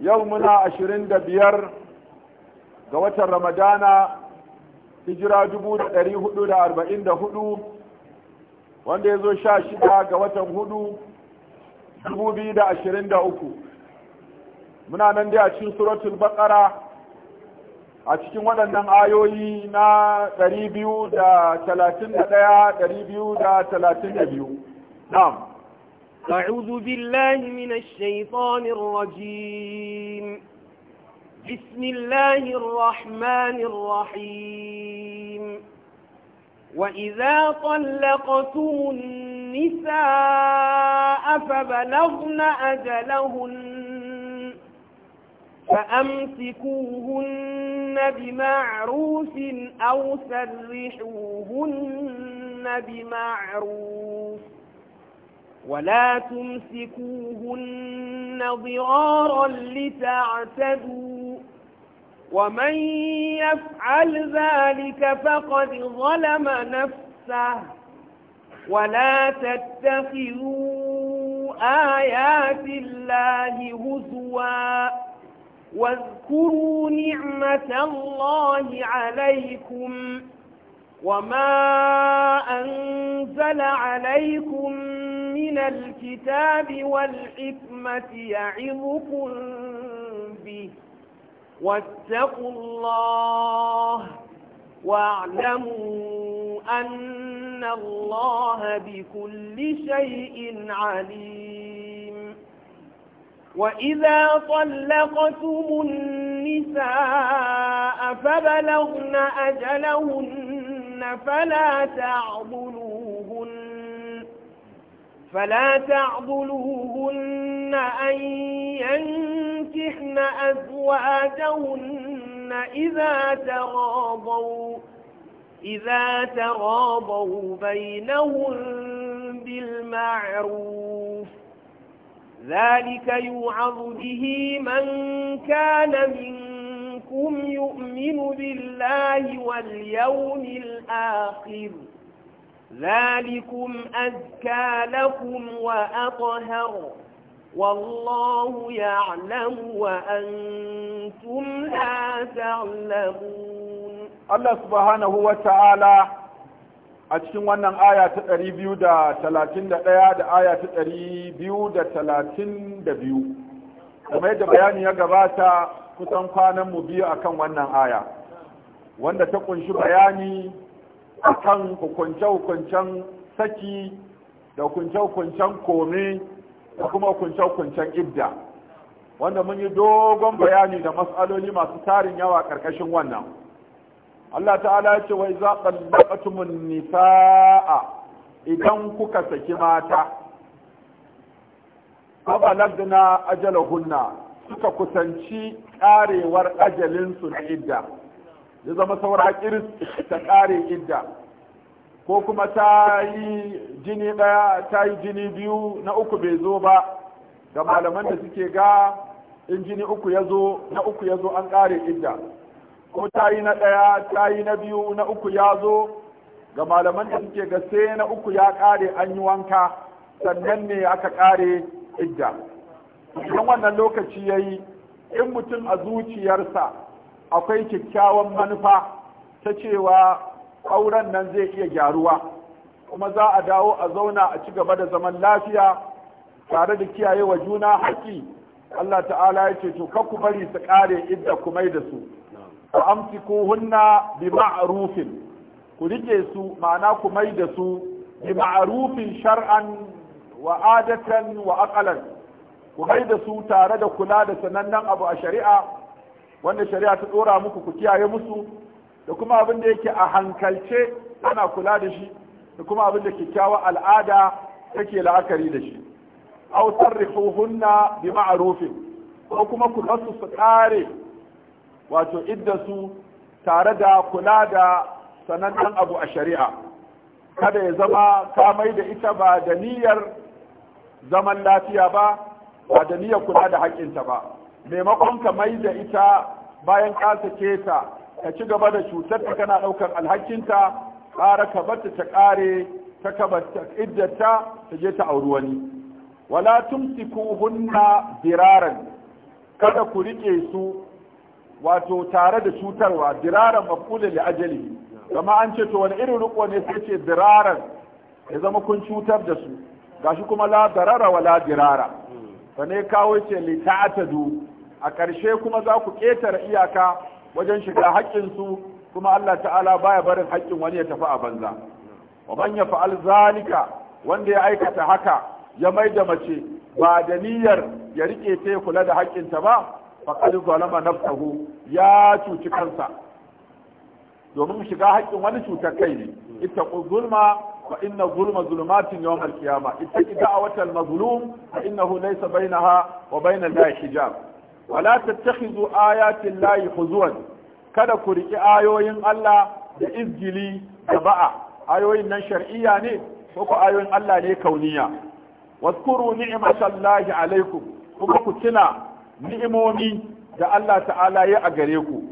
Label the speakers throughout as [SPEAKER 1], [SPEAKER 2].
[SPEAKER 1] yau muna ashirin da biyar ga watan ramadana hijira dubu da ɗari hudu da arba'in da hudu wanda ya zo sha shida ga watan hudu dubu biyu da ashirin da uku muna nan dai a cikin suratul baƙara a cikin waɗannan ayoyi na ɗari biyu da talatin da ɗaya ɗari biyu da talatin da biyu na'am أعوذ
[SPEAKER 2] بالله من الشيطان الرجيم بسم الله الرحمن الرحيم وإذا طلقتم النساء فبلغن أجلهن فأمسكوهن بمعروف أو سرحوهن بمعروف ولا تمسكوهن ضرارا لتعتدوا ومن يفعل ذلك فقد ظلم نفسه ولا تتخذوا آيات الله هزوا واذكروا نعمة الله عليكم وما أنزل عليكم من الكتاب والحكمة يعظكم به واتقوا الله واعلموا أن الله بكل شيء عليم وإذا طلقتم النساء فبلغن أجلهن فلا تعضلوهن فلا تعضلوهن أن ينكحن أزواجهن إذا تراضوا إذا تراضوا بينهم بالمعروف ذلك يوعظ به من كان منكم منكم يؤمن بالله واليوم الآخر ذلكم أزكى لكم وأطهر والله يعلم وأنتم لا تعلمون
[SPEAKER 1] الله سبحانه وتعالى a cikin wannan aya ta 231 da aya ta 232 kamar yadda bayani ya gabata kusan kwanan mu biyu akan wannan aya wanda ta kunshi bayani akan hukunce-hukuncen saki da hukunce-hukuncen kome da kuma hukunce-hukuncen ibda wanda mun yi dogon bayani da matsaloli masu tarin yawa ƙarƙashin wannan Allah ta'ala ya ce wai za nisa'a idan kuka saki mata ajala ajalahunna suka kusanci karewar ajalinsu na idda ya zama saura kiris ta kare idda ko kuma ta yi jini daya ta yi jini biyu na uku bai zo ba ga malaman da suke ga in jini uku ya zo na uku ya zo an kare idda ko ta yi na ɗaya ta yi na biyu na uku ya zo ga malaman da suke ga sai na uku ya kare an yi wanka sannan ne aka kare idda idan wannan lokaci ya yi in mutum a zuciyarsa akwai kyakkyawan manufa ta cewa auren nan zai iya gyaruwa kuma za a dawo a zauna a ci gaba da zaman lafiya tare da kiyaye wa juna haƙƙi Allah ta'ala ya ce to ka ku bari su ƙare idda ku mai da su ku ko hunna bi ma'rufin ku rike su ma'ana ku mai da su bi ma'rufin shar'an wa adatan wa aqalan ku da su tare da kula da sanannen abu a shari'a wanda shari'a ta dora muku ku kiyaye musu da kuma abin da yake a hankalce ana kula da shi da kuma abin da kyakkyawa al'ada take la'akari da shi aw sarrihuhunna bi ma'rufin ko kuma ku basu su kare wato idda su tare da kula da sanannen abu a shari'a kada ya zama ka mai da ita ba da niyyar zaman lafiya ba ba da niyyar kula da haƙƙinta ba maimakon ka mai da ita bayan ka sake ta ka ci gaba da cutar ta kana ɗaukar alhakinta ƙara ka bata ta ƙare ta kaba iddata ta je ta auri wani wala hunna diraran kada ku riƙe su wato tare da cutarwa diraran mafulin da ajali Gama an ce to wani irin riko ne sai ce diraran ya zama kun cutar da su gashi kuma la darara wala dirara fa ne kawo ce li ta'tadu a karshe kuma za ku ƙetare iyaka wajen shiga su kuma Allah ta'ala baya barin haƙƙin wani ya tafi a banza wa man yaf'al zalika wanda ya aikata haka ya mai da mace ba da niyyar ya rike ta kula da haƙƙinta ba qad zalama nafsuhu ya cuci kansa domin shiga haƙƙin wani cutar kai ne ita zulma wa inna zulma zulumatin yawm al-qiyamah ittaqi da'wat al-mazlum fa innahu laysa bainaha wa bain Allah hijab wa la tattakhidhu ayati Allah huzuwan kada ku riki ayoyin Allah da izgili da ba'a ayoyin nan shar'iyya ne ko ku ayoyin Allah ne kauniya واذكروا نعمة الله عليكم kuma ku tuna ni'imomi da Allah ta'ala ya a gare ku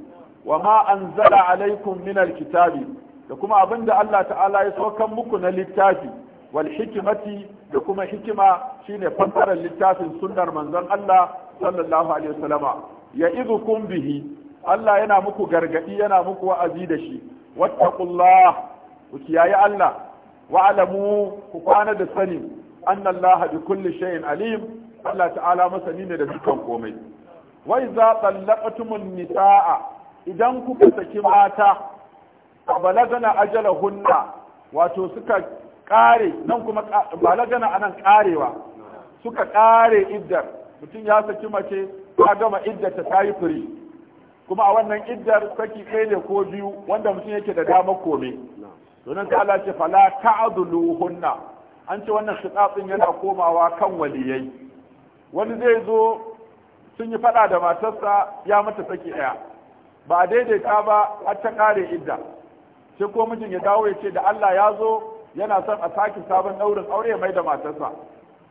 [SPEAKER 1] wa ma anzala alaikum min kitabi. da kuma abin da Allah ta'ala ya saukan muku na littafi wal hikimati da kuma hikima shine fassarar littafin sunnar manzon Allah sallallahu alaihi wasallama ya izukum bihi Allah yana muku gargadi yana muku wa'azi da shi wattaqullah ku kiyaye Allah Wa'alamu ku kwana da sani anna Allah bi kulli shay'in alim Allah ta'ala masani ne da dukkan komai wa idza tallaqtumun nisaa idan kuka saki mata balagana hunna, wato suka kare nan kuma balagana anan karewa suka kare iddar mutum ya saki mace ta gama iddar ta tayi firi kuma a wannan iddar saki kai ne ko biyu wanda mutum yake da dama kome to nan ta Allah ce fala hunna. an ce wannan shitatsin yana komawa kan waliyai wani zai zo sun yi fada da matarsa ya mata saki ɗaya ba daidaita ba har ta kare idda sai ko mijin ya dawo ya ce da Allah ya zo yana son a sake sabon daurin aure mai da matarsa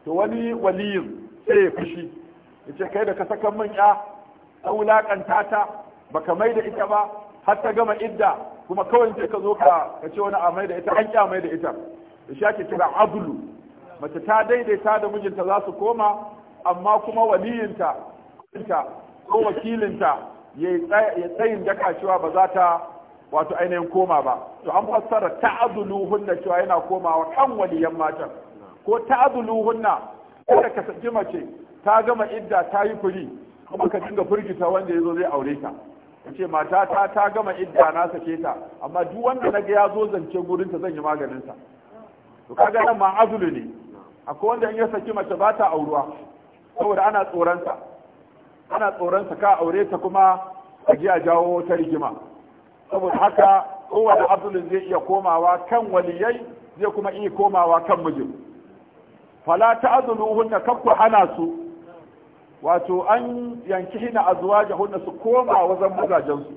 [SPEAKER 1] to wani waliyin sai ya fushi ya ce kai da ka saka min ya a wulakanta ta baka mai da ita ba har ta gama idda kuma kawai sai ka zo ka ka ce wani a mai da ita an kya mai da ita ya shake kira abulu mace ta daidaita da mijinta za su koma amma kuma waliyinta ko wakilinta ya tsayin daka cewa ba za ta wato ainihin koma ba to an fassara ta'aduluhunna cewa yana komawa kan waliyan matan ko ta'aduluhunna kada ka saki mace ta gama idda ta yi furi kuma ka dinga firgita wanda yazo zai aure ta ce mata ta ta gama idda na sake ta amma duk wanda naga ya zo zance gurin ta zan yi maganin sa to kaga nan ma azulu ne akwai wanda in ya saki mace ba ta auruwa saboda ana tsoron sa ana tsoron sa ka aure ta kuma a jawo wata rigima saboda haka kowane abdullin zai iya komawa kan waliyai zai kuma iya komawa kan mijin fala ta hunna kakku hana su wato an yanki hina hunna su koma wajen su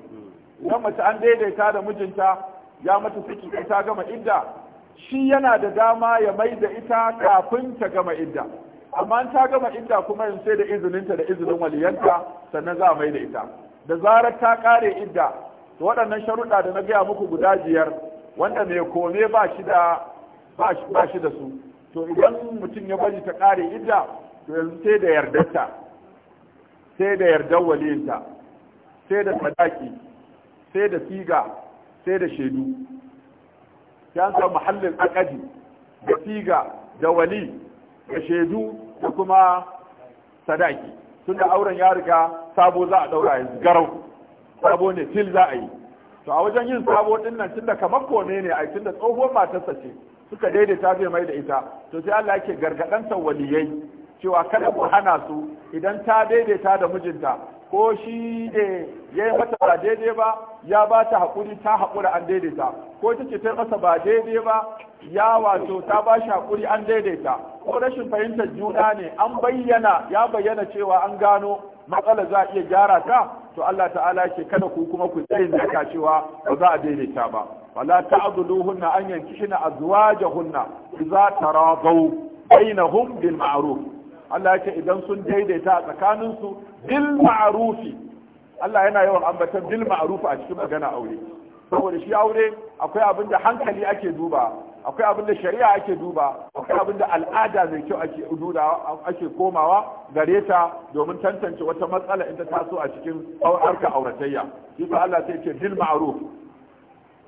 [SPEAKER 1] idan mace an daidaita da mijinta ya mata saki ita gama idda shi yana da dama ya mai da ita kafin ta gama idda amma an ta gama idda kuma yin sai da izininta da izinin waliyanta sannan za a mai da ita da zarar ta kare idda to waɗannan sharuɗa da na gaya muku guda biyar wanda mai kome ba shi da ba shi da su to idan mutum ya bari ta ƙare idda to yanzu sai da yardarta sai da yardar waliyinta sai da sadaki sai da siga sai da shaidu ya san muhallin akadi da siga da wali da shaidu da kuma sadaki tunda auren ya riga sabo za a daura yanzu garau sabo ne til za a yi to a wajen yin sabo din nan tunda kamar kone ne a tunda tsohuwar matarsa ce suka daidaita zai mai da ita to sai Allah yake gargadan waliyai cewa kada ku hana su idan ta daidaita da mijinta ko shi ne ya yi mata ba daidai ba ya ba ta haƙuri ta haƙura an daidaita ko ta ce ta masa ba daidai ba ya wato ta ba shi haƙuri an daidaita ko rashin fahimtar juna ne an bayyana ya bayyana cewa an gano matsala za a iya gyara ta to Allah ta'ala ce kada ku kuma ku tsayin da cewa ba za a daidaita ba wala ta'dhuluhunna an yankihna azwajahunna idza taradaw bainahum bil ma'ruf Allah ya ce idan sun daidaita a tsakaninsu bil ma'rufi Allah yana yawan ambatan bil ma'ruf a cikin magana aure saboda shi aure akwai abin da hankali ake duba akwai abin da shari'a ake duba akwai abin da al'ada mai kyau ake duba ake komawa gare ta domin tantance wata matsala in ta taso a cikin harka auratayya shi fa Allah sai ce dil ma'ruf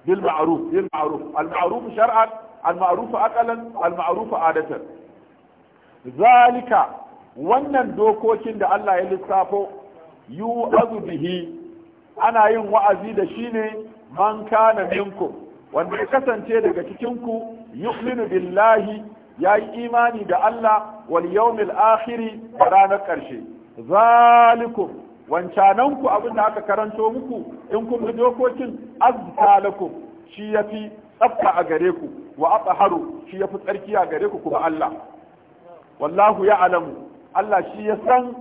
[SPEAKER 1] Dil ma'ruf dil ma'ruf al ma'ruf shar'an al ma'ruf aqalan al ma'ruf adatan zalika wannan dokokin da Allah ya lissafo yu bihi ana yin wa'azi da shi ne man kana minkum wanda ya kasance daga cikinku yu'minu billahi ya yi imani da Allah wal yawmil akhiri da ranar ƙarshe zalikum wancananku abin da aka karanto muku in kun bi dokokin azkalakum shi yafi tsafta a gare ku wa atharu shi yafi tsarki a gare ku kuma Allah wallahu ya'lamu Allah shi ya san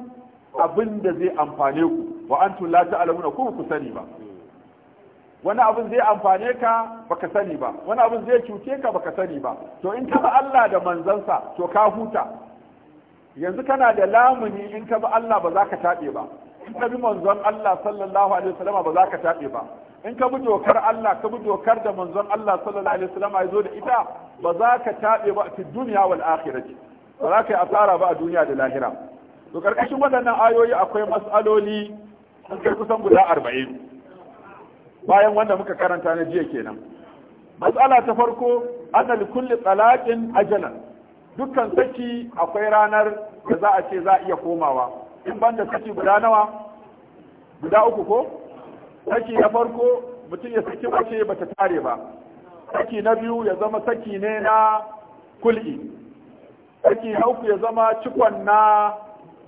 [SPEAKER 1] abin da zai amfane ku wa antum la ta'lamuna ku ku sani ba wani abin zai amfane ka baka sani ba wani abin zai cuce ka baka sani ba to in ka bi Allah da manzansa to ka huta yanzu kana da lamuni in ka bi Allah ba za ka taɓe ba in ka bi manzon Allah sallallahu alaihi wasallam ba za ka taɓe ba in ka bi dokar Allah ka bi dokar da manzon Allah sallallahu alaihi wasallam ya zo da ita ba za ka taɓe ba a duniya wal akhirati ba za ka yi asara ba a duniya da lahira to karkashin waɗannan ayoyi akwai mas'aloli sun kai kusan guda arba'in bayan wanda muka karanta na jiya kenan matsala ta farko ana kulli talaqin ajala dukkan saki akwai ranar da za a ce za a iya komawa in banda saki guda nawa guda uku ko saki na farko mutum ya saki wace bata tare ba saki na biyu ya zama saki ne na kul'i saki na uku ya zama cikon na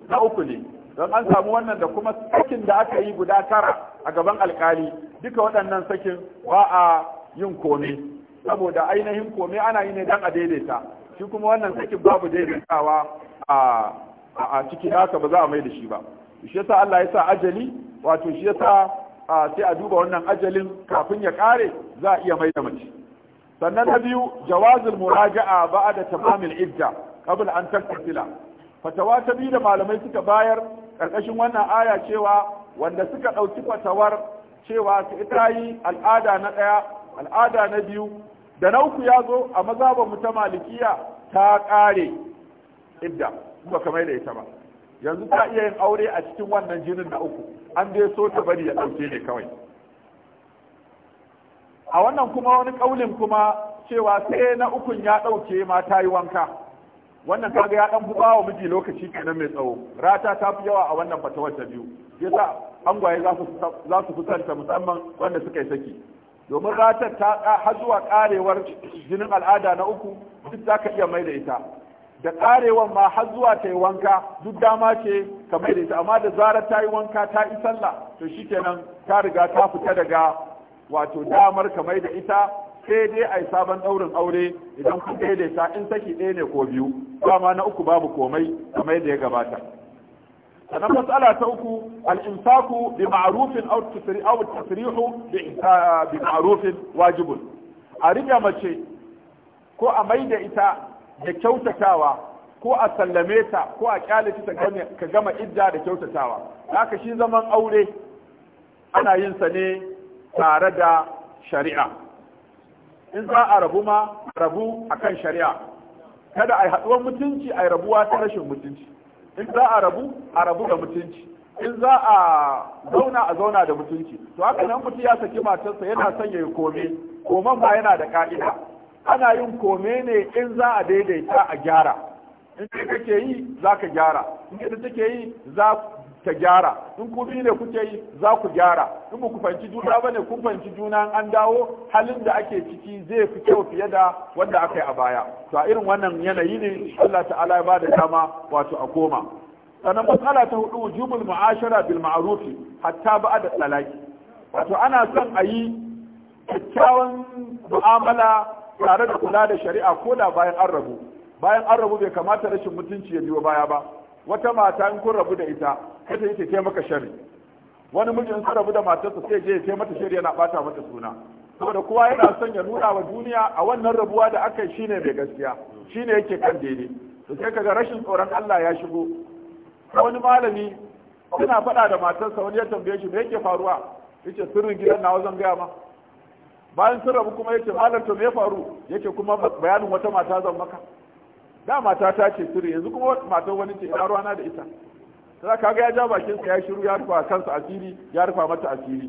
[SPEAKER 1] na uku ne don an samu wannan da kuma sakin da aka yi guda tara a gaban alkali duka waɗannan sakin ba a yin kome saboda ainihin kome ana yi ne don a daidaita shi kuma wannan sakin babu daidaitawa a a ciki haka ba za a mai da shi ba shi yasa Allah ya sa ajali wato shi yasa sai a duba wannan ajalin kafin ya kare za a iya mai da mace sannan na biyu jawazul muraja'a ba'da tamamil idda qabl an taksila fatawa ta biyu da malamai suka bayar karkashin wannan aya cewa wanda suka ɗauki fatawar cewa su ita yi al'ada na ɗaya al'ada na biyu da na uku ya zo a mazaban mu ta malikiya ta ƙare idda ba kamar da ita ba yanzu ta iya yin aure a cikin wannan jinin na uku an dai so ta bari ya ɗauke ne kawai a wannan kuma wani ƙaulin kuma cewa sai na ukun ya ɗauke ma ta yi wanka wannan kaga ya dan buba wa miji lokaci kenan mai tsawo rata ta fi yawa a wannan fatawar ta biyu yasa angwaye za su kusanta musamman wanda suka yi saki domin ratar ta har zuwa karewar jinin al'ada na uku duk za ka iya mai da ita da ƙarewar ma har zuwa ta yi wanka duk dama ce ka mai da ita amma da zarar ta yi wanka ta yi sallah to shi shikenan ta riga ta fita daga wato damar ka mai da ita sai dai a yi sabon ɗaurin aure idan kun daidaita in saki ɗaya ne ko biyu dama na uku babu komai kamar yadda ya gabata sannan matsala ta uku al'insaku bi ma'arufin aw tasrihu bi ma'arufin wajibun a riga mace ko a mai da ita da kyautatawa ko a sallame ta ko a kyale ta ka gama idda da kyautatawa haka shi zaman aure ana yin sa ne tare da shari'a in za a rabu ma rabu a kan shari'a kada a yi haɗuwar mutunci a rabuwa ta rashin mutunci in za a rabu a rabu da mutunci in za a zauna a zauna da mutunci to haka nan mutum ya saki matarsa yana son ya yi kome koman ma yana da ka'ida ana yin kome ne in za a daidaita a gyara in kai kake yi za ka gyara in kai take yi za ta gyara in ku biyu ne kuke yi za ku gyara in ku fanci juna bane ku fahimci juna an dawo halin da ake ciki zai fi kyau fiye da wanda aka yi a baya to a irin wannan yanayi ne Allah ta'ala ya bada dama wato a koma sannan matsala ta hudu wujubul mu'ashara bil ma'rufi hatta ba'da talaki wato ana son a yi kyakkyawan mu'amala tare da kula da shari'a ko da bayan an rabu bayan an rabu bai kamata rashin mutunci ya biyo baya ba wata mata in kun rabu da ita kada yake kai maka sharri wani mijin sun rabu da matarsa sai je kai mata sharri yana bata mata suna saboda kowa yana son ya nuna wa duniya a wannan rabuwa da aka yi shine mai gaskiya shine yake kan daidai to sai kaga rashin tsoron Allah ya shigo wani malami suna faɗa da matarsa wani ya tambaye shi me yake faruwa yace sirrin gidan nawa zan gaya ma bayan sun rabu kuma yace malam to me ya faru yake kuma bayanin wata mata zan maka da mata ta ce sirri yanzu kuma matan wani ce ina ruwana da ita sai kaga ya ja bakin sa ya shiru ya rufa kansa asiri ya rufa mata asiri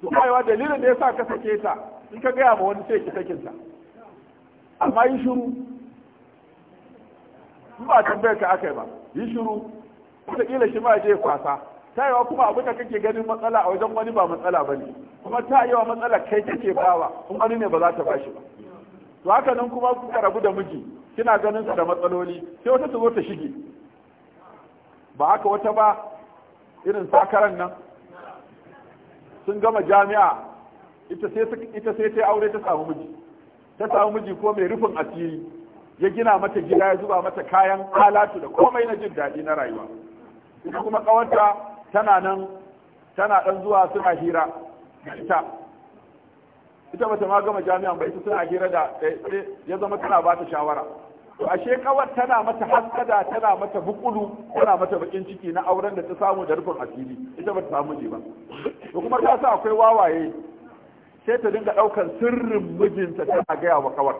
[SPEAKER 1] to kaiwa dalilin da yasa ka sake ta in ka gaya ma wani sai ki sake ta amma yi shiru in ba tambayar ka akai ba yi shiru kila shi ma je kwasa ta yawa kuma abin da kake ganin matsala a wajen wani ba matsala ba ne kuma ta yawa matsala kai kake bawa in wani ne ba za ta bashi ba to haka nan kuma ku rabu da miji kina ganin su da matsaloli sai wata ta zo ta shige ba haka wata ba irin sakaran nan sun gama jami'a ita sai ita sai ta aure ta samu miji ta samu miji ko mai rufin asiri ya gina mata gida ya zuba mata kayan halatu da komai na jin daɗi na rayuwa ita kuma ƙawarta tana nan tana ɗan zuwa suna hira da ita ita bata ma gama jami'an ba ita suna hira da eh, eh, ya zama tana ba ta shawara to ashe kawar tana mata haskada tana mata bukulu tana mata bakin ciki na auren da ta samu da rufin asiri ita ba ta samu ne ba to kuma ta sa akwai wawaye sai ta dinga daukan sirrin mijinta tana gaya wa kawar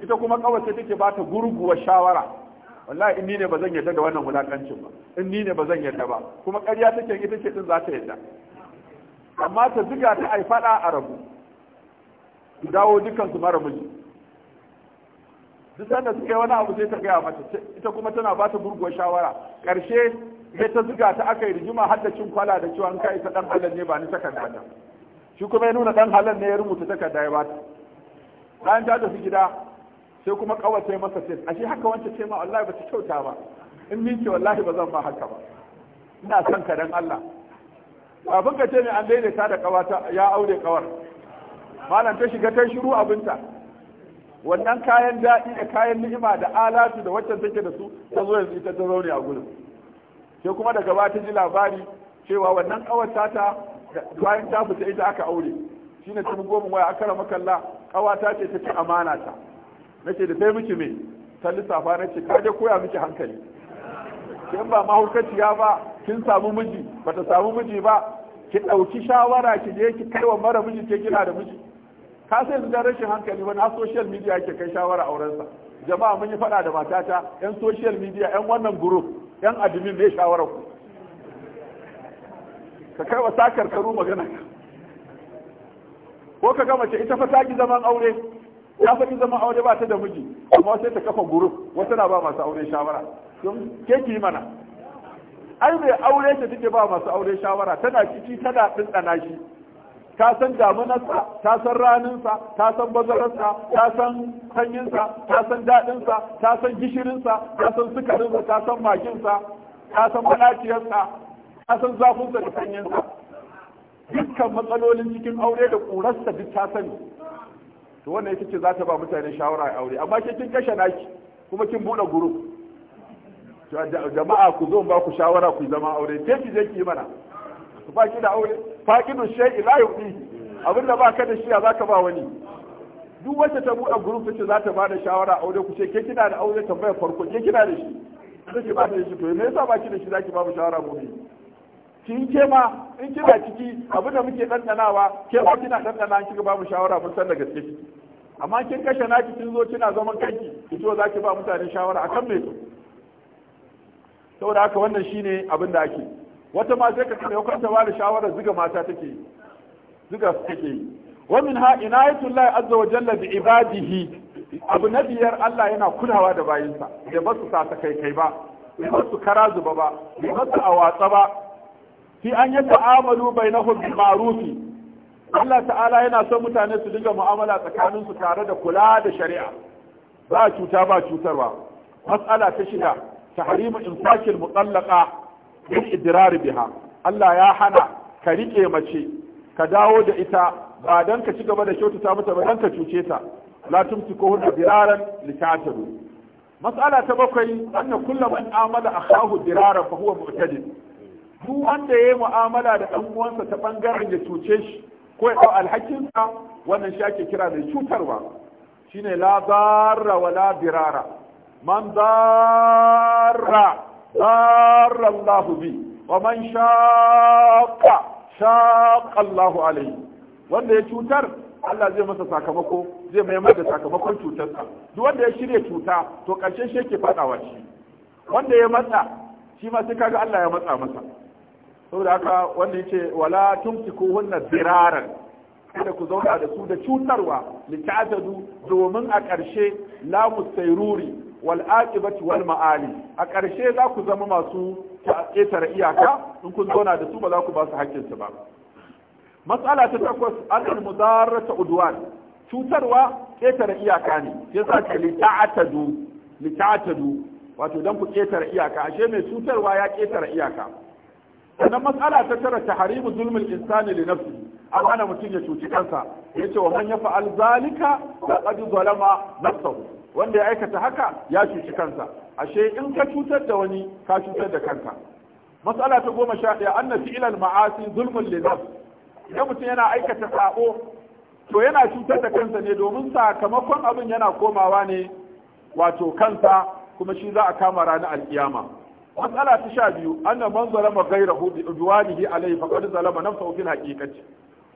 [SPEAKER 1] ita kuma kawar sai take ba ta gurguwa shawara wallahi in ni ne ba zan yarda da wannan wulakancin ba in ni ne ba zan yarda ba kuma ƙarya take ita ce din za ta yarda amma ta ziga ta ai fada a rabu dawo dukansu mara miji duk sanda suka yi wani abu sai ta gaya mata ita kuma tana ba ta gurguwa shawara karshe sai ta zuga ta aka yi rigima har da cin kwala da cewa kai ka isa ɗan halal ne ba ni takarda ta shi kuma ya nuna dan halal ne ya rubuta takarda ya bata bayan ta tafi gida sai kuma sai masa sai ashe haka wancan ce ma wallahi ba ta kyauta ba in minke wallahi ba zan ba haka ba ina son ka dan Allah abin ka ce ne an daidaita da kawata ya aure kawar malam ta shiga ta shiru abinta wannan kayan daɗi da kayan ni'ima da alatu da waccan take da su ta zo yanzu ita ta zaune a gurin sai kuma daga ba ta ji labari cewa wannan ƙawata ta bayan ta fita ita aka aure shine tun goma waya akara makalla ƙawata ce ta ci amana ta nace da sai miki me ta lissafa nace ka je koya miki hankali kin ba mahaukaciya ba kin samu miji bata samu miji ba ki ɗauki shawara ki je ki kai mara miji ke kina da miji ka sai da rashin hankali wani a social media yake kai shawara aurensa jama'a mun yi fada da matata yan social media yan wannan group yan admin ne shawarar ku ka kai wa sakar karu magana ko ka gama ce ita fa ta zaman aure ta fa zaman aure ba ta da miji amma sai ta kafa group wata na ba masu aure shawara don ke ki mana ai bai aure ta take ba masu aure shawara tana ciki tana dindana shi Ka san damunarsa ka san raninsa ka san bazararsa ka san sanyinsa ka san daɗinsa ka san gishirinsa ka san sukarinsa ka san makinsa, ka san malaciyarsa ka san zafinsa da sanyinsa dukkan matsalolin cikin aure da ƙurarsa duk ta sani to wannan ita ce za ta ba mutane shawara a aure amma kin kashe naki kuma kin buɗe guru jama'a ku zo ba ku shawara ku zama aure ke ki je ki yi mana ku ba ki da aure faƙin shay'i la yu'tihi abinda ba ka da shi za ka ba wani duk wacce ta buɗe group ce za ta bada shawara a aure ku ce ke kina da aure tambaya farko ke kina da shi take ba da shi to me yasa ba ki da shi zaki ba mu shawara gobe kin ke ma in kina ciki abin da muke dandanawa ke ba kina dandana kika ba mu shawara mun san da gaske ki amma kin kashe naki kin zo kina zaman kanki kito zaki ba mutane shawara akan me to saboda haka wannan shine abin da ake wata ma sai ka kame kwanta ba da shawarar ziga mata take yi zuga take yi wa min ha inayatullahi azza wa jalla bi ibadihi abu na biyar Allah yana kulawa da bayinsa bai basu su kai kai ba bai basu kara zuba ba bai ba awatsa ba fi an yi ta'amalu bainahum bil ma'rufi Allah ta'ala yana son mutane su dinga mu'amala tsakanin su tare da kula da shari'a ba cuta ba cutarwa mas'ala ta shida tahrimu mu mutallaqa bil idrari biha Allah ya hana ka rike mace ka dawo da ita ba don ka ci gaba da kyautata mata ba dan ka cuce ta la tumsiku hunna diraran likatabu mas'ala ta bakwai anna kullu man amala akhahu dirara fa huwa mu'tadid duk wanda yayi mu'amala da dan uwansa ta bangaren ya cuce shi ko ya dau alhakinsa wannan shi ake kira da cutarwa shine la darra wala dirara man darra ضار bi به ومن شاق شاق الله عليه wanda ya cutar Allah zai masa sakamako zai mai masa sakamakon cutarsa duk wanda ya shirya cuta to karshe shi yake fadawa shi wanda ya matsa shi ma sai kaga Allah ya matsa masa saboda haka wanda yace wala tumsikuhunna diraran kada ku zauna da su da cutarwa lita'adu domin a karshe la musairuri wal aqibati wal ma'ali a ƙarshe za ku zama masu ƙetare iyaka in kun zauna da su ba za ku ba su haƙƙin su ba matsala ta takwas annal mudarrata udwan cutarwa ƙetare iyaka ne yasa ta li lita'atadu wato dan ku ƙetare iyaka ashe mai cutarwa ya ƙetare iyaka sannan matsala ta tara tahrimu zulmul insani li Nafsi an hana mutum ya cuci kansa Ya ce wa man fa'al zalika laqad zalama nafsahu wanda ya aikata haka ya cuci kansa ashe in ka cutar da wani ka cutar da kanka matsala ta goma sha ɗaya anna ilan ma'asi zulmun li idan mutum yana aikata sabo to yana cutar da kansa ne domin sakamakon abin yana komawa ne wato kansa kuma shi za a kama ranar alkiyama matsala ta sha biyu anna man zalama Gaira, bi udwanihi alayhi faqad zalama nan fil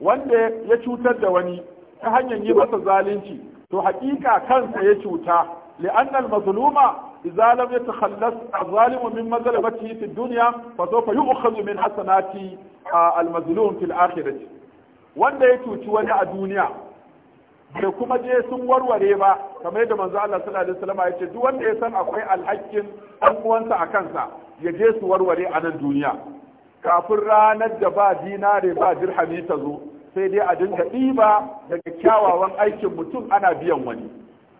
[SPEAKER 1] wanda ya cutar da wani ta hanyar yi masa zalunci to hakika kansa ya cuta li'anna al-mazluma idza lam yatakhallas az-zalimu min mazlamatihi fi dunya fa sawfa yu'khadhu min hasanati al-mazlum fi al-akhirati wanda ya cuci wani a duniya bai kuma je sun warware ba kamar yadda manzo Allah sallallahu alaihi wasallam ya ce duk wanda ya san akwai alhakin dan uwansa a kansa ya je su warware a nan duniya kafin ranar da ba dinare ba dirhami ta zo sai dai a dinka ɗiba daga kyawawan aikin mutum ana biyan wani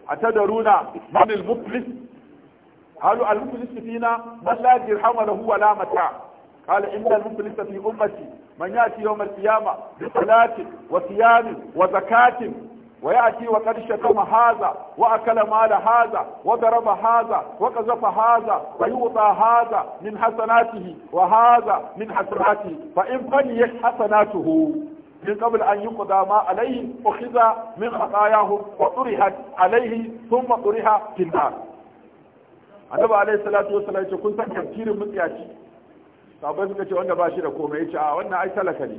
[SPEAKER 1] a ta da runa manil muflis al muflis fina man la dirhama lahu wala mata qala inna al muflis fi ummati man yati yawm al qiyama bi wa siyami wa zakati wa yati wa qad shakama hadha wa akala da haza, wa daraba haza, wa qazafa haza, wa yuta hadha min hasanatihi wa hadha min hasanatihi fa in fani hasanatuhu من قبل أن يقضى ما عليه أخذ من خطاياهم وطرحت عليه ثم طرح في النار annabi alaihi salatu wasallam yace kun san tafsirin mutsiyaci sabai suka ce wanda ba shi da komai yace a wannan ai talaka ne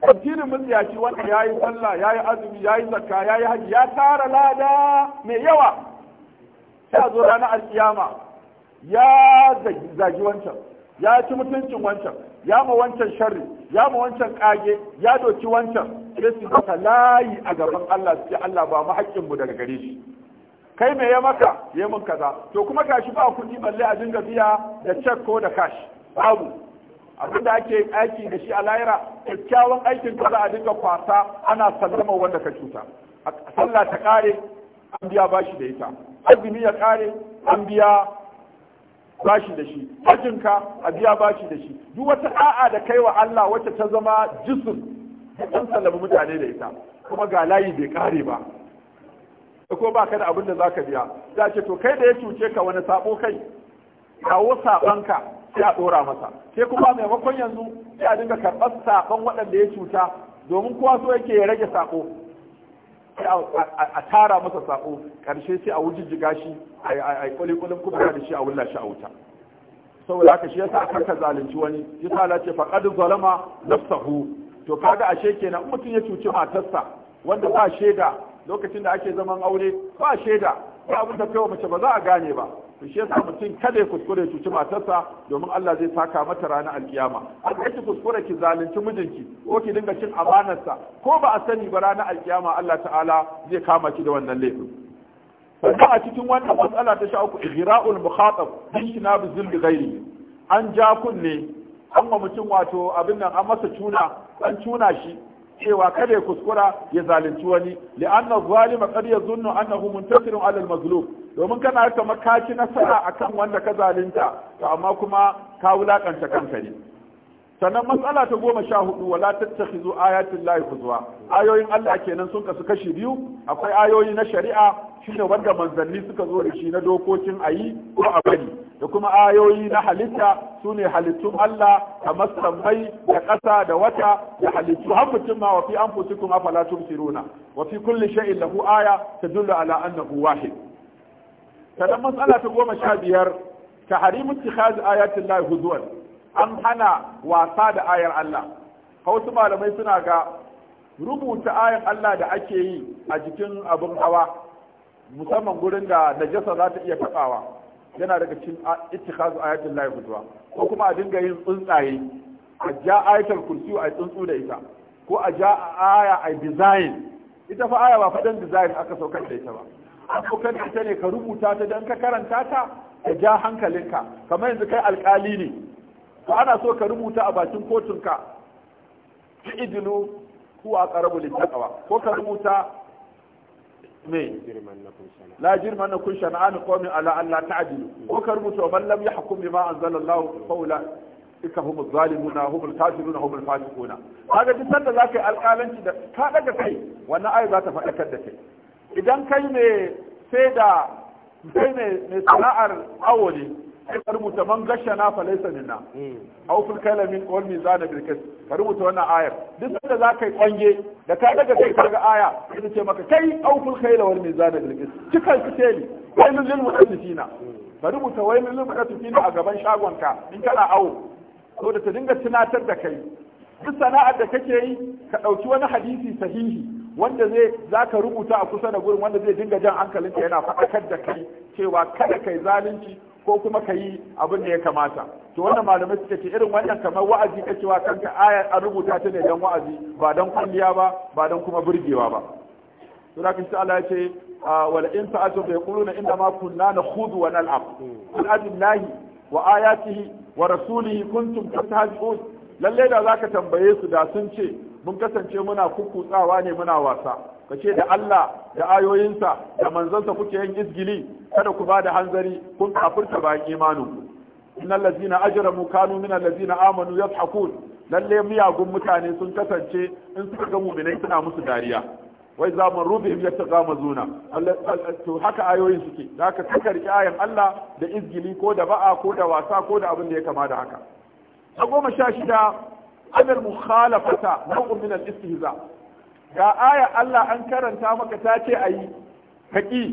[SPEAKER 1] tafsirin mutsiyaci wanda yayi sallah yayi azumi yayi zakka yayi haji ya tara lada mai yawa sai a zo ranar alkiyama ya zagi wancan ya ci mutuncin wancan ya ma wancan sharri ya ma wancan kage ya doki wancan sai su maka layi a gaban Allah su ce Allah ba mu haƙƙin mu daga gare shi kai me ya maka ya mun kaza to kuma kashi ba kuɗi balle a dinga biya da check ko da cash babu abin da ake aiki da shi a layira, kyakkyawan aikin ka a dinga kwasa ana sallama wanda ka cuta sallah ta kare an biya bashi da ita azumi ya kare an biya bashi da shi hajjinka a biya bashi da shi duk wata a'a da kai wa Allah wacce ta zama jisim an sallama mutane da ita kuma ga layi bai kare ba ko ba ka da abin da zaka biya da ce to kai da ya cuce ka wani sabo kai kawo sabanka sai a dora masa sai kuma maimakon yanzu sai a dinga karɓar saban waɗanda ya cuta domin kowa so yake ya rage sako sai a tara masa sako karshe sai a wujijjiga shi a yi kuma da shi a wulla shi a wuta saboda aka shi yasa aka karka zalunci wani yasa sa ce faƙadun zalama sahu to kaga ashe kenan mutum ya cuci matarsa wanda ba shaida lokacin da ake zaman aure ba shaida ba abin da wa mace ba za a gane ba to shi yasa mutum kada ya kuskure cuci matarsa domin Allah zai saka mata ranar alkiyama an kai kuskure ki zalunci mijinki ko ki dinga cin amanarsa ko ba a sani ba ranar alkiyama Allah ta'ala zai kama ki da wannan laifin sannan a cikin wannan matsala ta sha uku ihra'ul mukhatab bin shinabi zulmi ghairi an ja kunne an wa mutum wato abin nan an masa cuna an cuna shi cewa kada ya kuskura ya zalunci wani li'anna zalima qad yazunnu annahu muntasirun 'ala al-mazlum domin kana kamar ka ci nasara akan wanda ka zalunta to amma kuma ka wulakanta kanka ne sannan matsala ta goma sha hudu wala tattakhizu ayatin lahi huzwa ayoyin Allah kenan sun kasu kashi biyu akwai ayoyi na shari'a shine wanda manzanni suka zo da shi na dokokin ayi ko a bari da kuma ayoyi na halitta sune halittun Allah kamar sammai da ƙasa da wata da halittu har mutum ma wa fi anfusikum afala tubsiruna wa fi kulli shay'in lahu aya tadullu ala annahu wahid sannan matsala ta goma sha biyar tahrimu ittikhaz ayatin lahi zuwa. an hana wasa da ayar Allah wasu malamai suna ga rubuta ayar Allah da ake yi a jikin abin hawa musamman gurin da najasa za ta iya taɓawa, yana daga cikin ittikhazu ayatul layi guduwa, ko kuma a dinga yin tsuntsaye a ja ayatar kursi a tsuntsu da ita ko a ja aya a design ita fa aya ba faɗin design aka saukar da ita ba an saukar da ita ne ka rubuta ta don ka karanta ta ka ja hankalinka kamar yanzu kai alƙali ne to ana so ka rubuta a bakin kotunka fi idilu huwa qarabu littaqwa ko ka rubuta me la jirman na kun shan'an qawmin ala alla ta'dilu ko ka rubuta man lam yahkum bima anzalallahu fa ula ika hum zalimuna hum al-kafiruna hum al-fasiquna kaga duk sanda zaka yi alƙalanci da ka daga kai wannan ayi za ta faɗakar da kai idan kai ne sai da kai ne mai sana'ar awo ne ka rubuta man gashana na. falaisa minna hmm. aw fil kalamin wal mizan bil qist ka rubuta wannan ayar duk sanda kai kwange da ka daga kai kaga aya sai ce maka kai aw fil khayla wal mizan bil qist cikan su teli wailul lil mutaffifina hmm. ka rubuta wailul lil mutaffifina a gaban shagonka in kana awo so da ta dinga tunatar da kai duk sana'ar da kake yi ka dauki wani hadisi sahihi wanda zai za ka rubuta a kusa da gurin wanda zai dinga jan hankalinka yana faɗakar da kai cewa kada kai zalunci ko kuma ka yi abin da ya kamata to wannan malamai suka ce irin wannan kamar wa'azi ka wa kanka aya an rubuta ta ne don wa'azi ba don kulliya ba ba don kuma burgewa ba to da kin Allah ya ce ah, wal in fa'atu fa yaquluna inna ma kunna nakhudhu wa nal'ab qul abillahi wa ayatihi wa rasulihi kuntum tastahzi'un lalle da zaka tambaye su da sun ce mun kasance muna kukkutsawa ne muna wasa ka ce da Allah da ayoyinsa da manzansa kuke yin izgili kada ku ba da hanzari kun kafirta bayan imanin ku innal ladzina ajramu kanu minal ladzina amanu yadhakun lalle miyagun mutane sun kasance in suka ga mu'minai suna musu dariya wai zaman rubihim yataghamazuna to haka ayoyin suke da haka suka ayan Allah da izgili ko da ba'a ko da wasa ko da abin da ya kama da haka a goma sha shida anil mukhalafata nau'un min al-istihza ga aya Allah an karanta maka ta ce a yi haƙi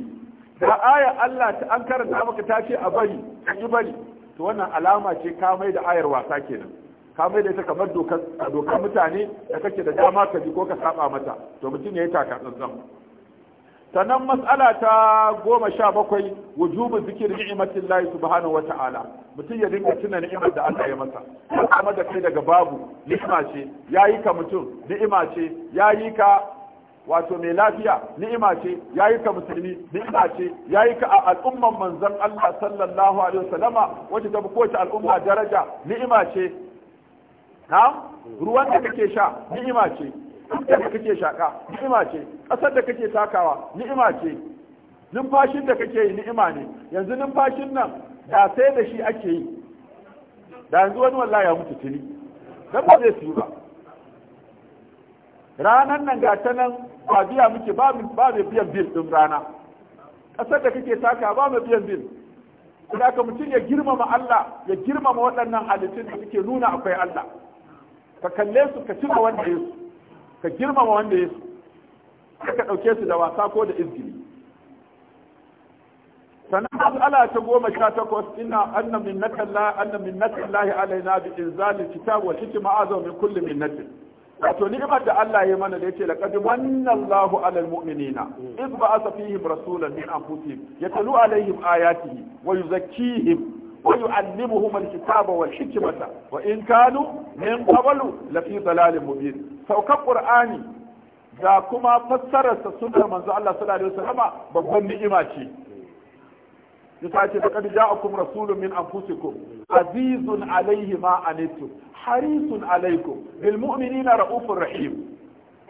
[SPEAKER 1] ga aya Allah an karanta maka ta ce a bari ka yi bari to wannan alama ce kamai da ayar wasa kenan ka mai da ita kamar dokar mutane da kake da dama ka ji ko ka saba mata to mutum ya yi taka tsantsan sannan matsala ta goma sha bakwai wujubu zikir ni'imatin lahi subhanahu wata'ala mutum ya dinga tuna ni'imar da Allah ya masa kuma da kai daga babu ni'ima ce yayi ka mutum ni'ima ce yayi ka wato mai lafiya ni'ima ce yayi ka musulmi ni'ima ce yayi ka al'umman manzon Allah sallallahu alaihi wasallama wacce ta kowace al'umma daraja ni'ima ce na ruwan da kake sha ni'ima ce da kake shaka ni'ima ce ƙasar da kake takawa ni'ima ce numfashin da kake yi ni'ima ne yanzu numfashin nan da sai da shi ake yi da yanzu wani wallahi ya mutu tuni dan ba zai siyu ba ranan nan ga ta nan ba biya muke ba ba mai biyan bil din rana ƙasar da kake taka ba mai biyan bil kuma ka mutum ya girmama Allah ya girmama waɗannan halittun da suke nuna akwai Allah ka kalle su ka cika wanda yesu ka girmama wanda ya so ka ɗauke su da wasa ko da izgili sannan mas'ala ta goma sha takwas ina anna minnata Allah anna minnata Allah alaina bi inzalil kitab wal hikma azaw min kulli natin. wato ni'imar da Allah ya mana da yace laqad manna Allahu alal mu'minina iz ba'atha fihim rasulan min anfusihim yatlu alaihim ayatihi wa yuzakkihim ويعلمهم الكتاب والحكمة وإن كانوا من قبل لفي ضلال مبين سوك قرآني دا كما فسرت سنة من الله صلى الله عليه وسلم ببن نعمتي يسأتي فقد جاءكم رسول من أنفسكم عزيز عليه ما أنتم حريص عليكم بالمؤمنين رؤوف رحيم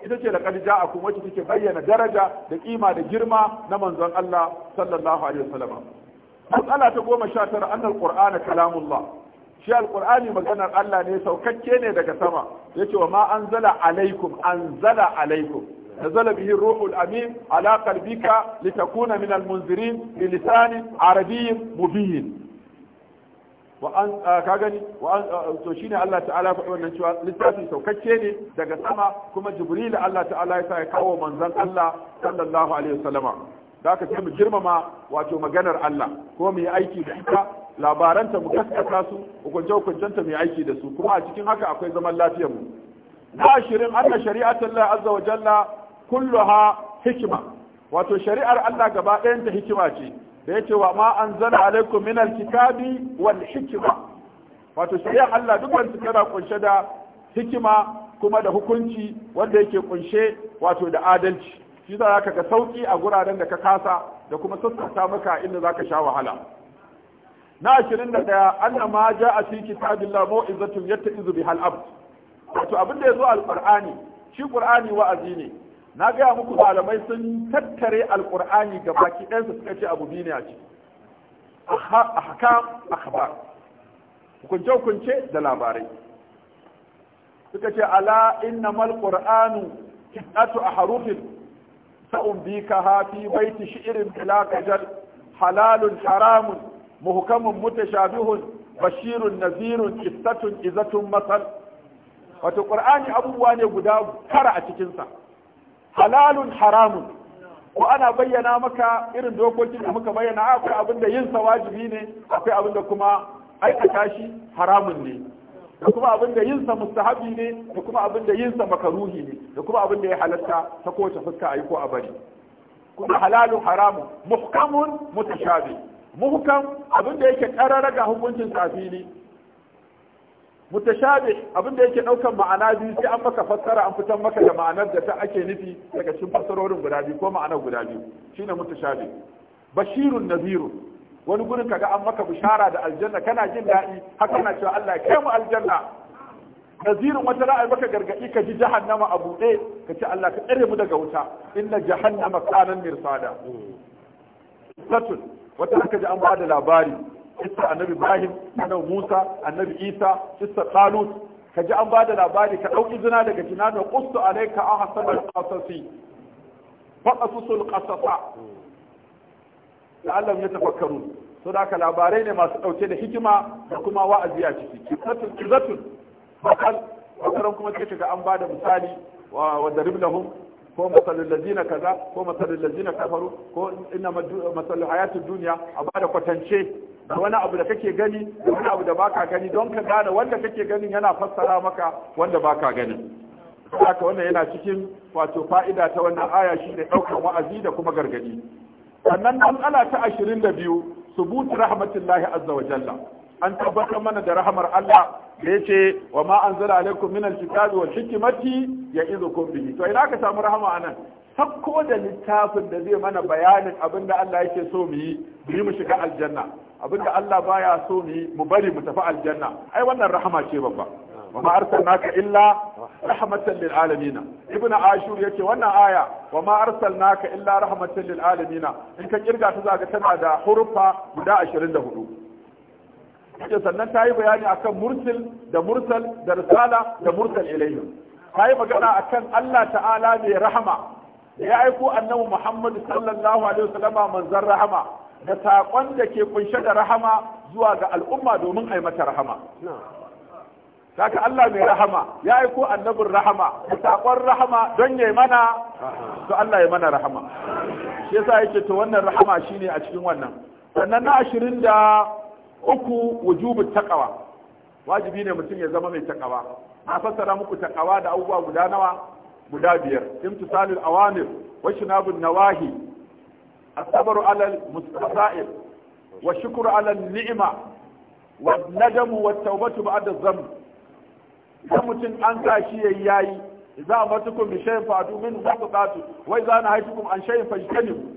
[SPEAKER 1] ita ce da ƙarja a kuma wacce take bayyana daraja da ƙima da girma na manzon Allah sallallahu alaihi wasallam matsala ta goma sha tara annal qur'ana kalamullah shi alqur'ani maganar Allah ne saukakke ne daga sama yace wa ma anzala alaikum anzala alaikum نزل به الروح الأمين على قلبك لتكون من المنذرين بلسان عربي مبين وأن كاغني وأن توشيني الله تعالى فأنا شو لساتي سوكتشيني دقا سما كما جبريل الله تعالى يسايا كاو منزل الله صلى الله عليه وسلم da aka ce mu girmama wato maganar Allah ko mu yi aiki da ita labaranta mu kaskata su hukunce hukuncenta mu yi aiki da su kuma a cikin haka akwai zaman lafiyar mu na ashirin anna shari'atu Allah azza wa jalla kulluha hikima wato shari'ar Allah gaba ɗayan ta hikima ce da yace wa ma anzala alaikum min alkitabi wal hikima wato shari'ar Allah duk su tana kunshe da hikima kuma da hukunci wanda yake kunshe wato da adalci shi za ka ga sauki a guraren da ka kasa da kuma sassauta maka inda za ka sha wahala na ashirin da ɗaya anna ma ja a fi kitabillah mau'izatun izu bi hal'ab wato abin da ya zo alƙur'ani shi ƙur'ani wa'azi ne na gaya muku malamai sun tattare alƙur'ani ga baki su suka ce abu biyu ne a ciki ahkam akhbar hukunce hukunce da labarai suka ce ala innamal qur'anu kitatu harufin. سأنبيكها في بيت شعر بلا كجل حلال حرام محكم متشابه بشير نذير قصة إذة مثل wato ƙur'ani abubuwa ne guda tara a cikinsa halalun haramun ko ana bayyana maka irin dokokin da muka bayyana akwai abin da yinsa wajibi ne akwai abin da kuma aikata shi haramun ne da kuma abin da yinsa mustahabi ne da kuma abin da yinsa makaruhi ne da kuma abin da ya halatta ta kowace fuska a yi ko a bari kuma halalun haramu. muhkamun mutashabi muhkam abin da yake karara ga hukuncin safili mutashabi abin da yake daukan ma'ana biyu sai an maka fassara an fitar maka da ma'anar da ta ake nufi daga cikin fassarorin guda biyu ko ma'anar guda biyu shine mutashabi bashirun nazirun wani gurin kaga an maka bishara da aljanna kana jin daɗi haka kana cewa Allah kai mu aljanna nazirin wata ra'ayi maka gargadi ka ji jahannama a buɗe ka ce Allah ka tsare mu daga wuta inna jahannama kanan mirsada satun wata aka ji an ba da labari kissa annabi Ibrahim annabi Musa annabi Isa kissa Talut ka ji an ba da labari ka ɗauki zina daga jinanin qustu alayka ahsanul qasasi faqasusul qasasa la'allam ya tafakkaru so da aka labarai ne masu ɗauke da hikima da kuma wa'azi a ciki kizatun kizatun bakal wakaran kuma ce ga an bada misali wa darib lahum ko masalul lazina kaza ko masalul lazina kafaru ko ina masalul hayatud duniya a bada kwatance da wani abu da kake gani da wani abu da baka gani don ka gane wanda kake ganin yana fassara maka wanda baka gani haka wannan yana cikin wato fa'ida ta wannan aya shi ne ɗaukar wa'azi da kuma gargadi sannan matsala ta ashirin da biyu subuti rahmatullahi azza wa jalla an tabbatar mana da rahamar Allah da yace wa ma anzala alaikum min alkitabi wal hikmati ya'izukum bihi to ina ka samu rahama anan sakko da littafin da zai mana bayanin abinda Allah yake so mu yi mu mu shiga aljanna abinda Allah baya so mu yi mu bari mu tafi aljanna ai wannan rahama ce babba wa ma arsalnaka illa rahmatan lil alamin ibnu ashur yace wannan aya wa ma arsalnaka illa rahmatan lil alamin in ka kirga ta zaka tana da hurufa guda 24 yace sannan ta yi bayani akan mursil da mursal da risala da mursal ilayhim ta yi magana akan Allah ta'ala mai rahama ya aiko annabi Muhammad sallallahu alaihi wasallama manzon rahama da saƙon da ke kunshe da rahama zuwa ga al'umma domin a yi mata rahama Saka Allah mai rahama ya aiko annabin rahama da saƙon rahama don ya mana to Allah ya mana rahama shi yasa yake to wannan rahama shine a cikin wannan sannan na ashirin da uku wujubu taqwa wajibi ne mutum ya zama mai taqwa a fassara muku taqwa da abubuwa guda nawa guda biyar imtisalul awamir wa shinabun nawahi as-sabr ala al dan mutum an sa shi yayi yayi za a matukum bi min za atu min wa za na haifi nahaytukum an shay'in fajtanibu